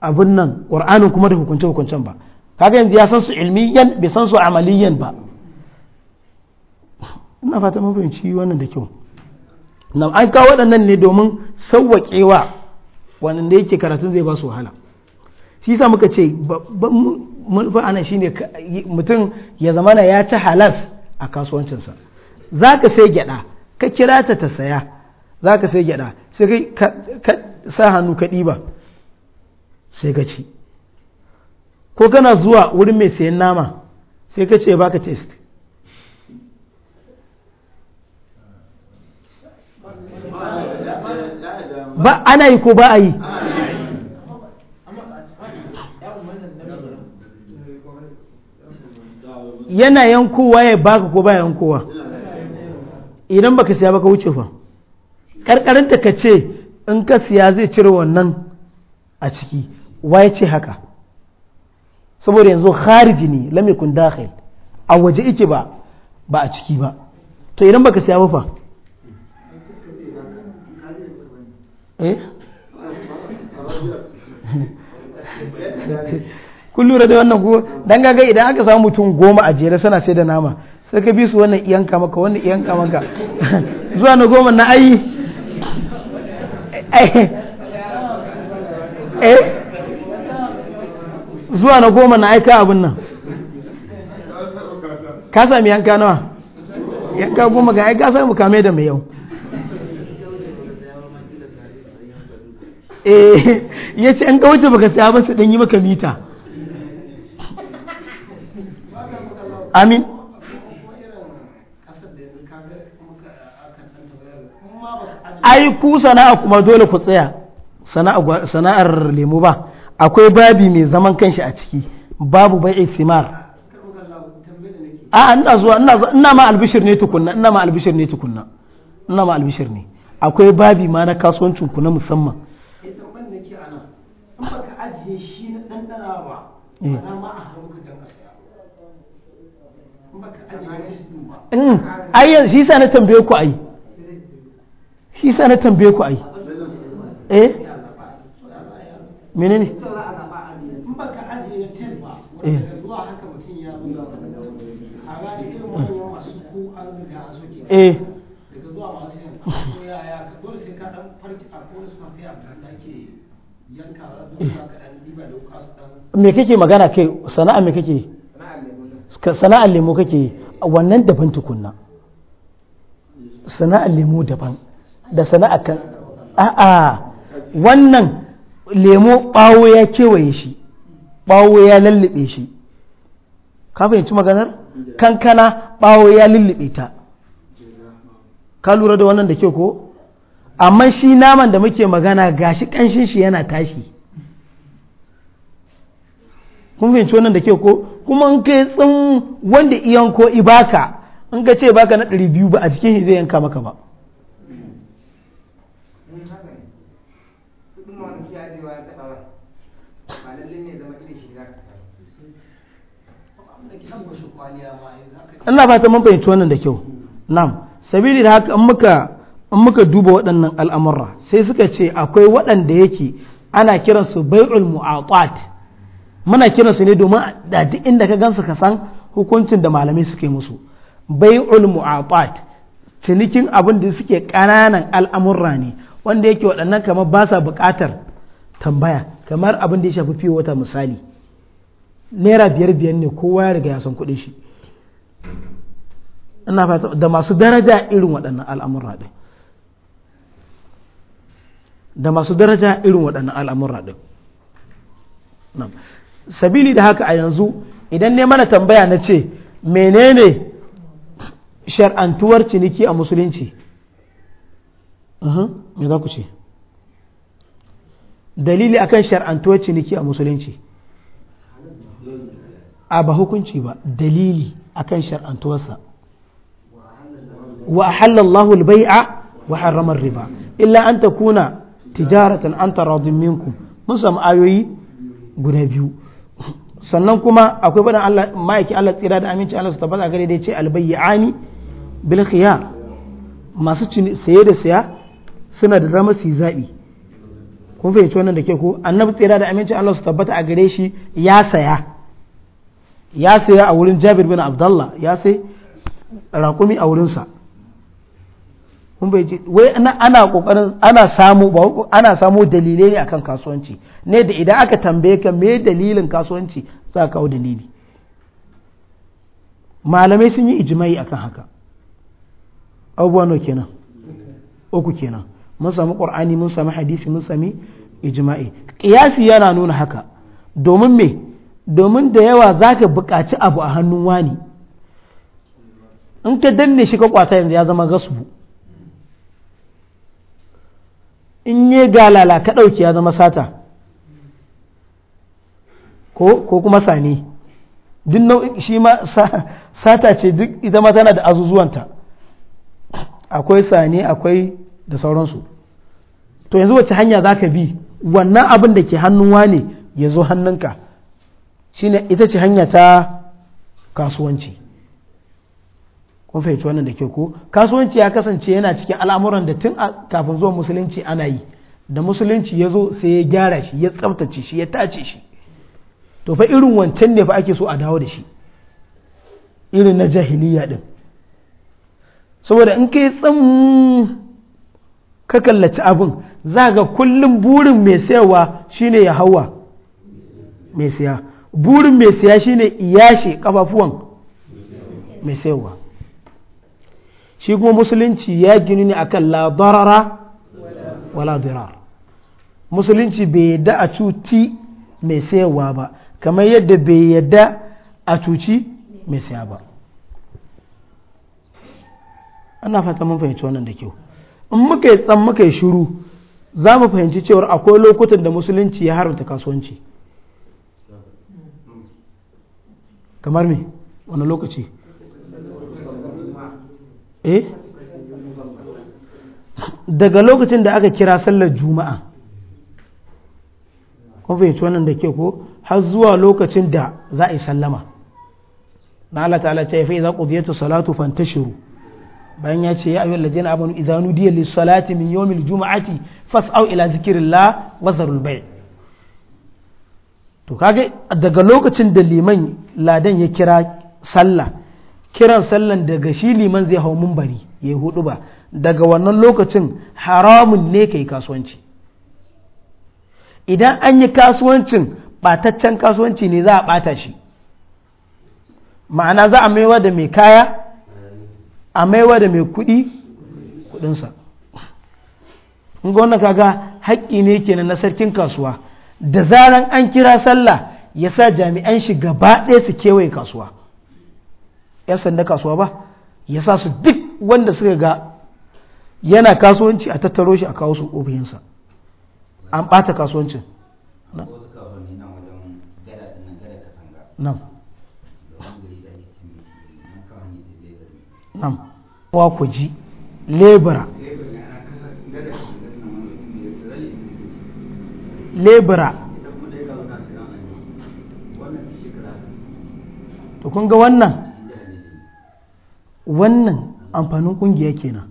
abin nan qur'anin kuma da hukunce hukuncen ba kaga yanzu ya san su ilmiyan bai san su amaliyan ba ina fata mun fahimci wannan da kyau na an kawo waɗannan ne domin sauwaƙewa wanda yake karatun zai ba su wahala shi sa muka ce manufa ana shine mutum ya zamana ya ci halas a kasuwancinsa za ka sai gyada ka kira ta ta saya za ka sai gyada sai ka sa hannu ka ɗiba sai ka ci ko kana zuwa wurin mai sayan nama sai ka ce baka test ba ana yi ko ba a yi yana yankowa ya baka ko ba yankowa idan baka siya baka wuce fa da ka ce in ka siya zai cire wannan a ciki ya ce haka saboda yanzu khariji ne lam kun dakhil a waje ike ba ba a ciki ba to idan baka siya ba fa eh? kun lura da wannan ko dan gaga idan aka samu mutum goma a jere sana sai da nama sai ka bi su wannan iyanka maka wannan iyanka maka zuwa na goma na ayi eh zuwa na goma na aika abin nan ka sami yanka nawa yanka goma ga aika sami kame da mai yau eh ya ce an wuce baka saya ba su ɗanyi yi maka mita amin ai ku sana'a kuma dole ku tsaya sana'ar lemu ba akwai babi mai zaman kanshi a ciki babu bai thimar a ina zuwa ina ma albishir ne tukunna ina ma albishir ne tukunna ina ma albishir ne akwai babi ma na kasuwancin ku na musamman eh, ajiye shi na ɗanɗana ba eh. ma a haruka don a saya yanzu mm. shi sa na tambaye ku ayi shi sa na tambaye ku ai eh menene eh, eh. me kake magana kai sana'a me kake sana'a lemo kake wannan daban tukunna sana'a lemo daban da sana'a kan a'a wannan lemo ɓawo ya kewaye shi ɓawo ya lullube shi ka fahimci maganar kankana ɓawo ya lullube ta ka lura da wannan da ke ko amma shi naman da muke magana gashi kanshin shi yana tashi kun fahimci wannan da ke ko kuma in kai tsin wanda iyan ko ibaka in ka ce baka na 200 ba a cikin shi zai yanka maka ba ina ba ta mabayi da kyau na'am sabili da haka in muka duba waɗannan al'amurra sai suka ce akwai waɗanda yake ana kiransu bai'ul mu'aqat muna kiransu ne domin da duk inda ka gansu ka san hukuncin da malamai suke musu bai'ul mu'aqat cinikin abin da suke ƙananan al'amurra ne wanda yake waɗannan kamar ba sa buƙatar tambaya kamar abin da ya shafi fiye wata misali naira biyar biyar ne kowa ya riga ya san kuɗin shi ina fata da masu daraja irin waɗannan al'amurra ɗin da masu daraja irin waɗannan al'amurra ɗin sabili da haka a yanzu idan ne mana tambaya na ce menene shar'antuwar ciniki a musulunci me za ku ce dalili akan shar'antuwar ciniki a musulunci a ba hukunci ba dalili akan shar'antuwarsa wa halallahu al-bai'a wa harrama riba illa an takuna tijaratan an taradin minkum mun samu ayoyi guda biyu sannan kuma akwai faɗin Allah ma'aiki Allah tsira da aminci Allah su tabbata gare da ya ce albayyani bil khiyar masu saye da saya suna da zama su zabi kun fahimci wannan da ke ko annabi tsira da aminci Allah su tabbata a gare shi ya saya ya saya a wurin Jabir bin Abdullah ya sai raƙumi a wurin sa. kun bai wai ana kokarin ana samu ba ana samu dalilai ne akan kasuwanci ne da idan aka tambaye ka me dalilin kasuwanci za ka kawo dalili malamai sun yi ijimai akan haka abubuwa no kenan uku kenan mun samu qur'ani mun samu hadisi mun sami ijma'i qiyasi yana nuna haka domin me domin da yawa zaka buƙaci abu a hannun wani in ka danne shi ka kwata yanzu ya zama gasbu in yi galala ka ɗauki ya zama sata ko kuma sani duk nau'in shi ma sata ce duk ita ma tana da azuzuwanta akwai sani akwai da sauransu to yanzu wace hanya za ka bi wannan abin da ke hannuwa ne ya zo hannunka shine ita ce hanya ta kasuwanci kun fahimci wannan da ke ko kasuwanci ya kasance yana cikin al'amuran da tun kafin zuwa musulunci ana yi da musulunci ya zo sai ya gyara shi ya tsaftace shi ya tace shi to fa irin wancan ne fa ake so a dawo da shi irin na jahiliya din saboda in kai tsam ka kallaci abin za ga kullum burin mai sayarwa shine ya hawa mai siya burin mai siya shine iyashe kafafuwan mai sayarwa shi kuma musulunci ya gini ne akan labarara wala dirar musulunci bai yadda a cuci mai sayarwa ba kamar yadda bai yadda a cuci mai saya ba ana fata mun fahimci wannan da kyau in muka yi tsan muka yi shiru za mu fahimci cewar akwai lokutan da musulunci ya haramta kasuwanci kamar me wani lokaci eh daga lokacin da aka kira sallar juma'a kun fahimci wannan da ke ko har zuwa lokacin da za a yi sallama na Allah ta'ala ce fa idza qudiyatu salatu fantashiru bayan ya ce ya ayyuhal ladina amanu idza nudiya lis salati min yawmil juma'ati fas'au ila zikrillah wa zarul bay' to kage daga lokacin da liman ladan ya kira sallah kiran sallan daga shi liman zai hau mumbari ya yi hudu ba daga wannan lokacin haramun ne ka yi kasuwanci idan an yi kasuwancin ɓataccen kasuwanci ne za a ɓata shi ma'ana za a maiwa da mai kaya a maiwa da mai kuɗi kuɗinsa ga wannan kaga haƙƙi ne kenan na sarkin kasuwa da zaran an kira sallah ya sa jami'an shi gaba ɗaya su kewaye kasuwa 'yan sanda kasuwa ba ya sa su duk wanda suka ga yana kasuwanci a tattaro shi a kawo su ofihinsa an ɓata kasuwancin wa ku ji lebura lebura to kun ga wannan wannan amfanin kungiya kenan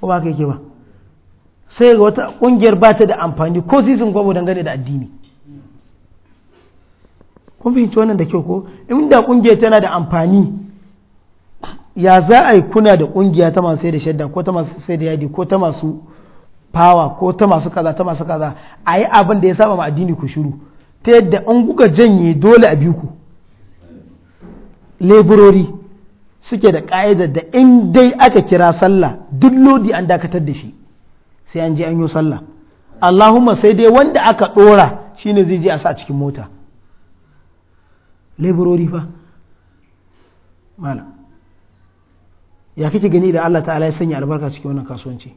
ko ba ka yake ba sai ga wata kungiyar ba ta da amfani ko sisin gwabo dangane da addini kun fahimci wannan da kyau ko inda kungiyar tana da amfani ya za a yi kuna da kungiya ta masu sai da shadda ko ta masu sai da yadi ko ta masu fawa ko ta masu kaza ta masu kaza a yi abin da ya saba ma addini ku shiru ta yadda an kuka janye dole a biyu ku leburori suke da ƙa'ida da in dai aka kira sallah duk lodi an dakatar da shi sai an je an yi sallah allahumma sai dai wanda aka ɗora shine zai je a sa cikin mota laborori fa mana ya kike gani da allah ta'ala ya sanya albarka cikin wannan kasuwanci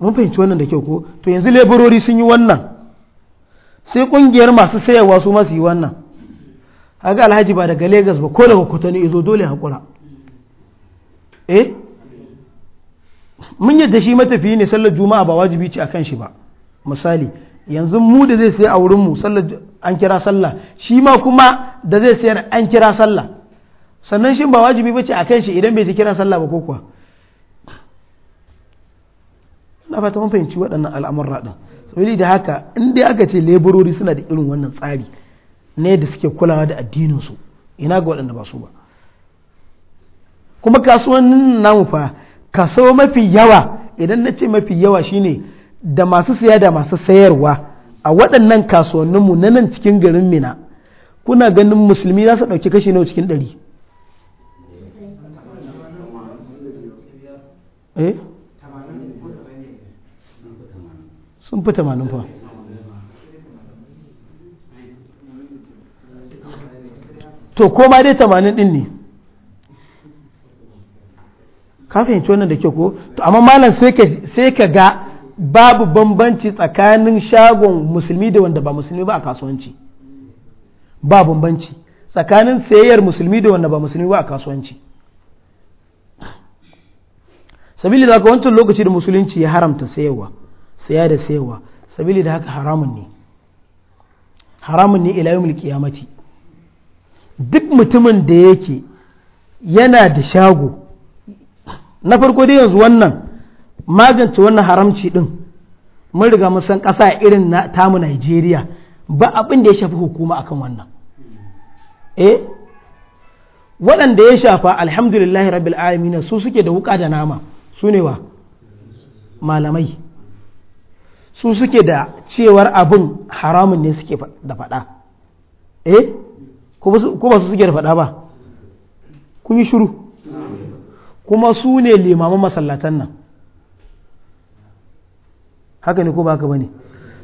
mun fahimci wannan da kyau ko to yanzu laborori sun yi wannan sai ƙungiyar masu sayarwa su masu yi wannan a ga alhaji ba daga Legas ba ko daga Kotonu izo dole haƙura eh mun yadda shi matafiyi ne sallar juma'a ba wajibi ce akan shi ba misali yanzu mu da zai sayi a wurinmu an kira sallah shi ma kuma da zai sayar an kira sallah sannan shi ba wajibi bace kan shi idan bai ta kira sallah ba ko kuwa na fata mun fahimci waɗannan al'amurra ɗin saboda da haka in dai aka ce leburori suna da irin wannan tsari ne da suke kulawa da addininsu ina ga waɗanda ba su ba kuma kasuwannin namu fa kaso mafi yawa idan na ce mafi yawa shine da masu siya da masu sayarwa a waɗannan kasuwanninmu na nan cikin garin mina kuna ganin musulmi za su ɗauki kashi nawa cikin ɗari eh? sun fi tamanin fa to ko ma dai tamanin din ne ka fahimci wannan da ke ko to amma malam sai ka ga babu bambanci tsakanin shagon musulmi da wanda ba musulmi ba a kasuwanci ba bambanci tsakanin sayayyar musulmi da wanda ba musulmi ba a kasuwanci sabili da wancan lokaci da musulunci ya haramta sayarwa saya da sayarwa sabili da haka haramun ne haramun ne ila yawmul qiyamati duk mutumin da yake yana da shago na farko dai yanzu wannan magance wannan haramci din mun riga mun san ƙasa irin na tamu Najeriya ba abin da ya shafi hukuma akan wannan eh waɗanda ya shafa alhamdulillahi rabbil alamin su suke da wuka da nama su ne wa malamai su suke da cewar abin haramun ne suke da faɗa eh ko ba su suke da faɗa ba kun yi shiru kuma su ne limaman masallatan nan haka ne ko ba haka ba ne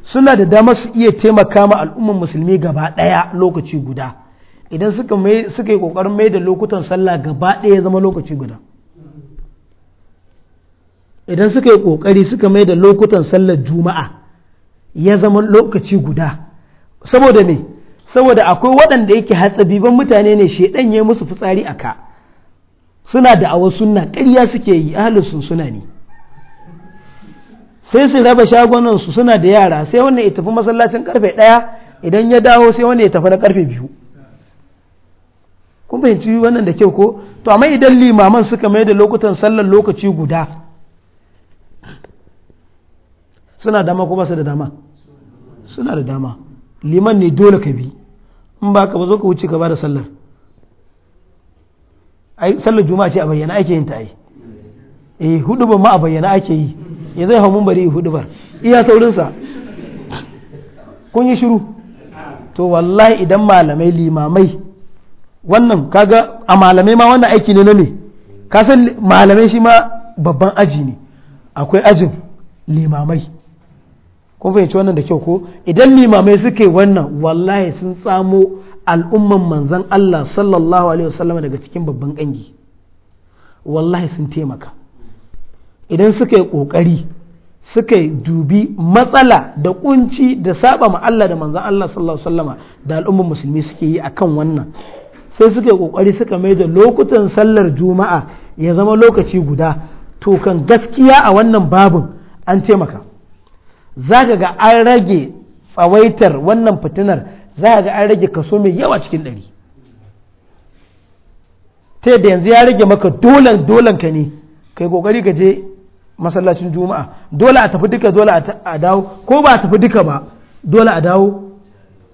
suna da damar su iya taimaka ma al'umman musulmi gaba ɗaya lokaci guda idan suka yi ƙoƙarin mai da lokutan sallah gaba ɗaya zama lokaci guda idan suka yi ƙoƙari suka mai da lokutan sallar juma'a ya zama lokaci guda saboda me saboda akwai waɗanda yake hatsabiban mutane ne shaidan ya musu fitsari a ka suna da awa sunna ƙarya suke yi ahalin sun suna ne sai su raba shagunan su suna da yara sai wannan ya tafi masallacin karfe ɗaya idan ya dawo sai wannan ya tafi na karfe biyu kun fahimci wannan da kyau ko to amma idan limaman suka mai da lokutan sallar lokaci guda suna dama ko ba su da dama suna da dama liman ne dole ka bi in ba ka ba zo ka wuce ka ba da sallar ai sallar juma'a ce a bayyana ake yin ta ai eh hudu ba ma a bayyana ake yi ya zai hau mun bari hudu ba iya saurinsa kun yi shiru to wallahi idan malamai limamai wannan kaga a malamai ma wannan aiki ne na me kasan malamai shi ma babban aji ne akwai ajin limamai kun fahimci wannan da kyau ko idan limamai suke wannan wallahi sun tsamo al'umman manzan Allah sallallahu alaihi wasallam daga cikin babban kangi wallahi sun taimaka idan suka yi kokari suka dubi matsala da kunci da saba ma Allah da manzan Allah sallallahu alaihi wasallam da al'umman musulmi suke yi akan wannan sai suka yi kokari suka mai da lokutan sallar juma'a ya zama lokaci guda to kan gaskiya a wannan babin an taimaka za ka ga an rage tsawaitar wannan fitinar za ka ga an rage kaso mai yawa cikin ɗari ta yadda yanzu ya rage maka dolan dolan ka ne kai kokari ka je masallacin juma'a dole a tafi duka dole a dawo ko ba a tafi duka ba dole a dawo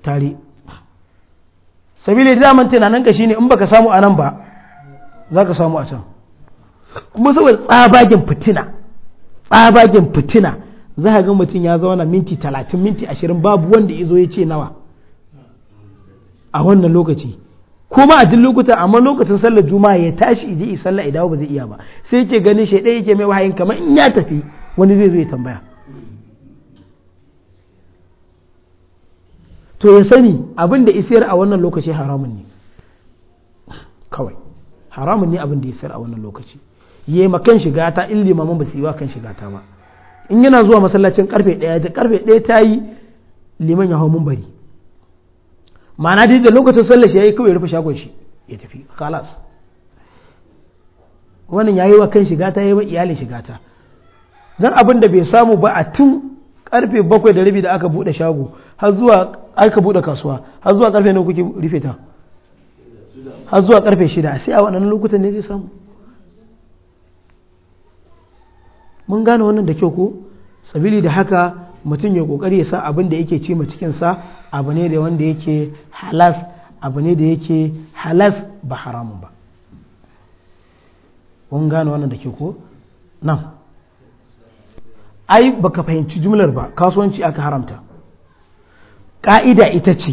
tare sabili da daman nan ka ne, in baka samu a nan ba za ka samu a can kuma saboda tsabagen fitina tsabagen fitina za ka ga mutum ya zauna minti talatin minti ashirin babu wanda ya zo ya ce nawa a wannan lokaci kuma a duk lokuta amma lokacin sallar juma'a ya tashi je yi sallah ya dawo ba zai iya ba sai yake ganin shi ɗaya yake mai wahayin kamar in ya tafi wani zai zo ya tambaya to ya sani abin da isiyar a wannan lokaci haramun ne kawai haramun ne abin da isiyar a wannan lokaci yi ma kan shiga ta illi limaman ba su yi wa kan shiga ta ba in yana zuwa masallacin karfe ɗaya da karfe ɗaya ta yi liman ya hau bari ma'ana dai da lokacin sallar shi ya yi kawai rufe shagon shi ya tafi kalas wannan ya yi wa kan shiga ta yi wa iyalin shiga ta don abin da bai samu ba a tun karfe bakwai da rabi da aka buɗe shago har zuwa aka buɗe kasuwa har zuwa karfe nan kuke rufe ta har zuwa karfe shida sai a waɗannan lokutan ne zai samu mun gane wannan da kyau ko sabili da haka mutum ya kokari ya sa abin da yake ci cikinsa abu ne da wanda yake halas abu ne da yake halas ba haramun ba mun gane wannan da kyau ko nan ai baka fahimci jumlar ba kasuwanci aka haramta ka'ida ita ce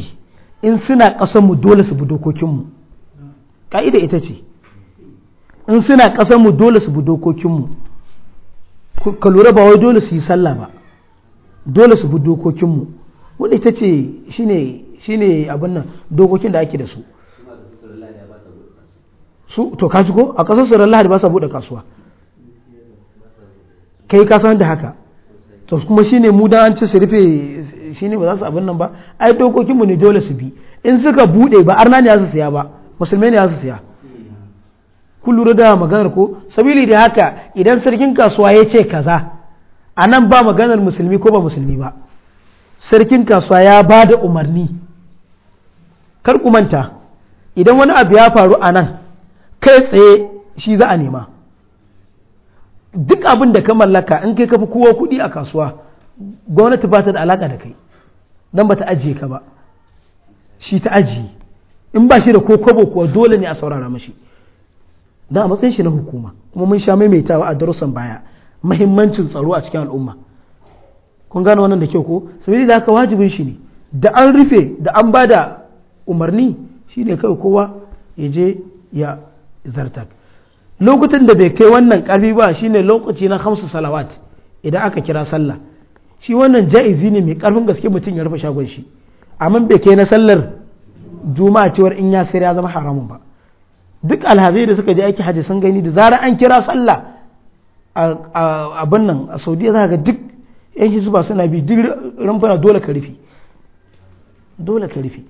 in suna mu dole su bi dokokinmu ka'ida ita ce in suna mu dole su bi dokokinmu ka lura ba wai dole su yi sallah ba dole su bi dokokinmu wanda ita ce shi ne abin nan dokokin da ake da su su to ka ko a ƙasar sauran lahadi ba sa buɗe kasuwa kai ka san da haka to kuma shi mu dan an ci su shi ne ba za su abin nan ba ai dokokinmu ne dole su bi in suka buɗe ba arna ne ya su siya ba musulmai ne ya su siya kun lura da maganar ko sabili da haka idan sarkin kasuwa ya ce kaza a nan ba maganar musulmi ko ba musulmi ba sarkin kasuwa ya ba da umarni kar ku manta idan wani abu ya faru a nan kai tsaye shi za a nema duk abin da ka mallaka in kai kafi kowa kudi a kasuwa gwamnati ba ta da alaka da kai don ba ta ajiye ka ba shi ta ajiye in ba shi da ko kwabo kuwa dole ne a saurara mashi da a matsayin shi na hukuma kuma mun sha maimaitawa a darussan baya mahimmancin tsaro a cikin al'umma kun gane wannan da kyau ko saboda da haka wajibin shi ne da an rufe da an ba da umarni shine kawai kowa ya je ya zarta lokutan da bai kai wannan karfi ba shine lokaci na hamsu salawat idan aka kira sallah shi wannan ja'izi ne mai karfin gaske mutum ya rufe shagon shi amma bai kai na sallar juma'a cewar in ya sai ya zama haramun ba duk alhazai da suka je aiki hajji sun gani da zarar an kira sallah a bannan a saudiya za ga duk yan hizba suna bi duk rumfana dole ka rufe dole ka rufe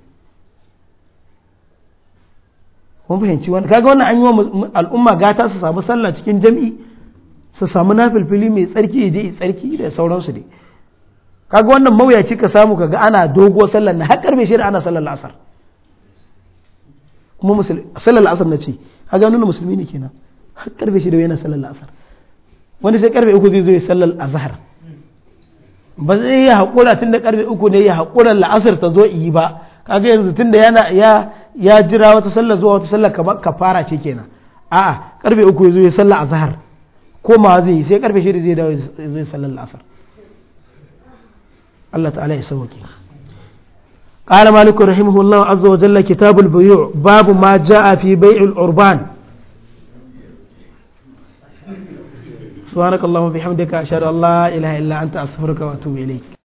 kun fahimci wani kaga wannan an yi wa al'umma gata su samu sallah cikin jam'i su samu na filfili mai tsarki ya je yi tsarki da sauransu dai kaga wannan mawuyaci ka samu kaga ana dogo Sallah na har karfe shida ana sallar asar kuma sallar la'asar na ce a gano na musulmi ne kenan har karfe shida yana sallar la'asar wani sai karfe uku zai zo ya sallar azhar ba zai yi haƙura tun da karfe uku ne ya haƙura la'asar ta zo yi ba kaga yanzu tun da yana ya ya jira wata sallar zuwa wata sallar kamar fara ce kenan a'a karfe uku ya zo ya sallar azhar ko ma zai yi sai karfe shida zai dawo ya zo ya sallar la'asar Allah ta'ala ya sauke. قال مالك رحمه الله عز وجل كتاب البيوع باب ما جاء في بيع الأربان سبحانك اللهم وبحمدك أشهد أن لا إله إلا أنت أستغفرك وأتوب إليك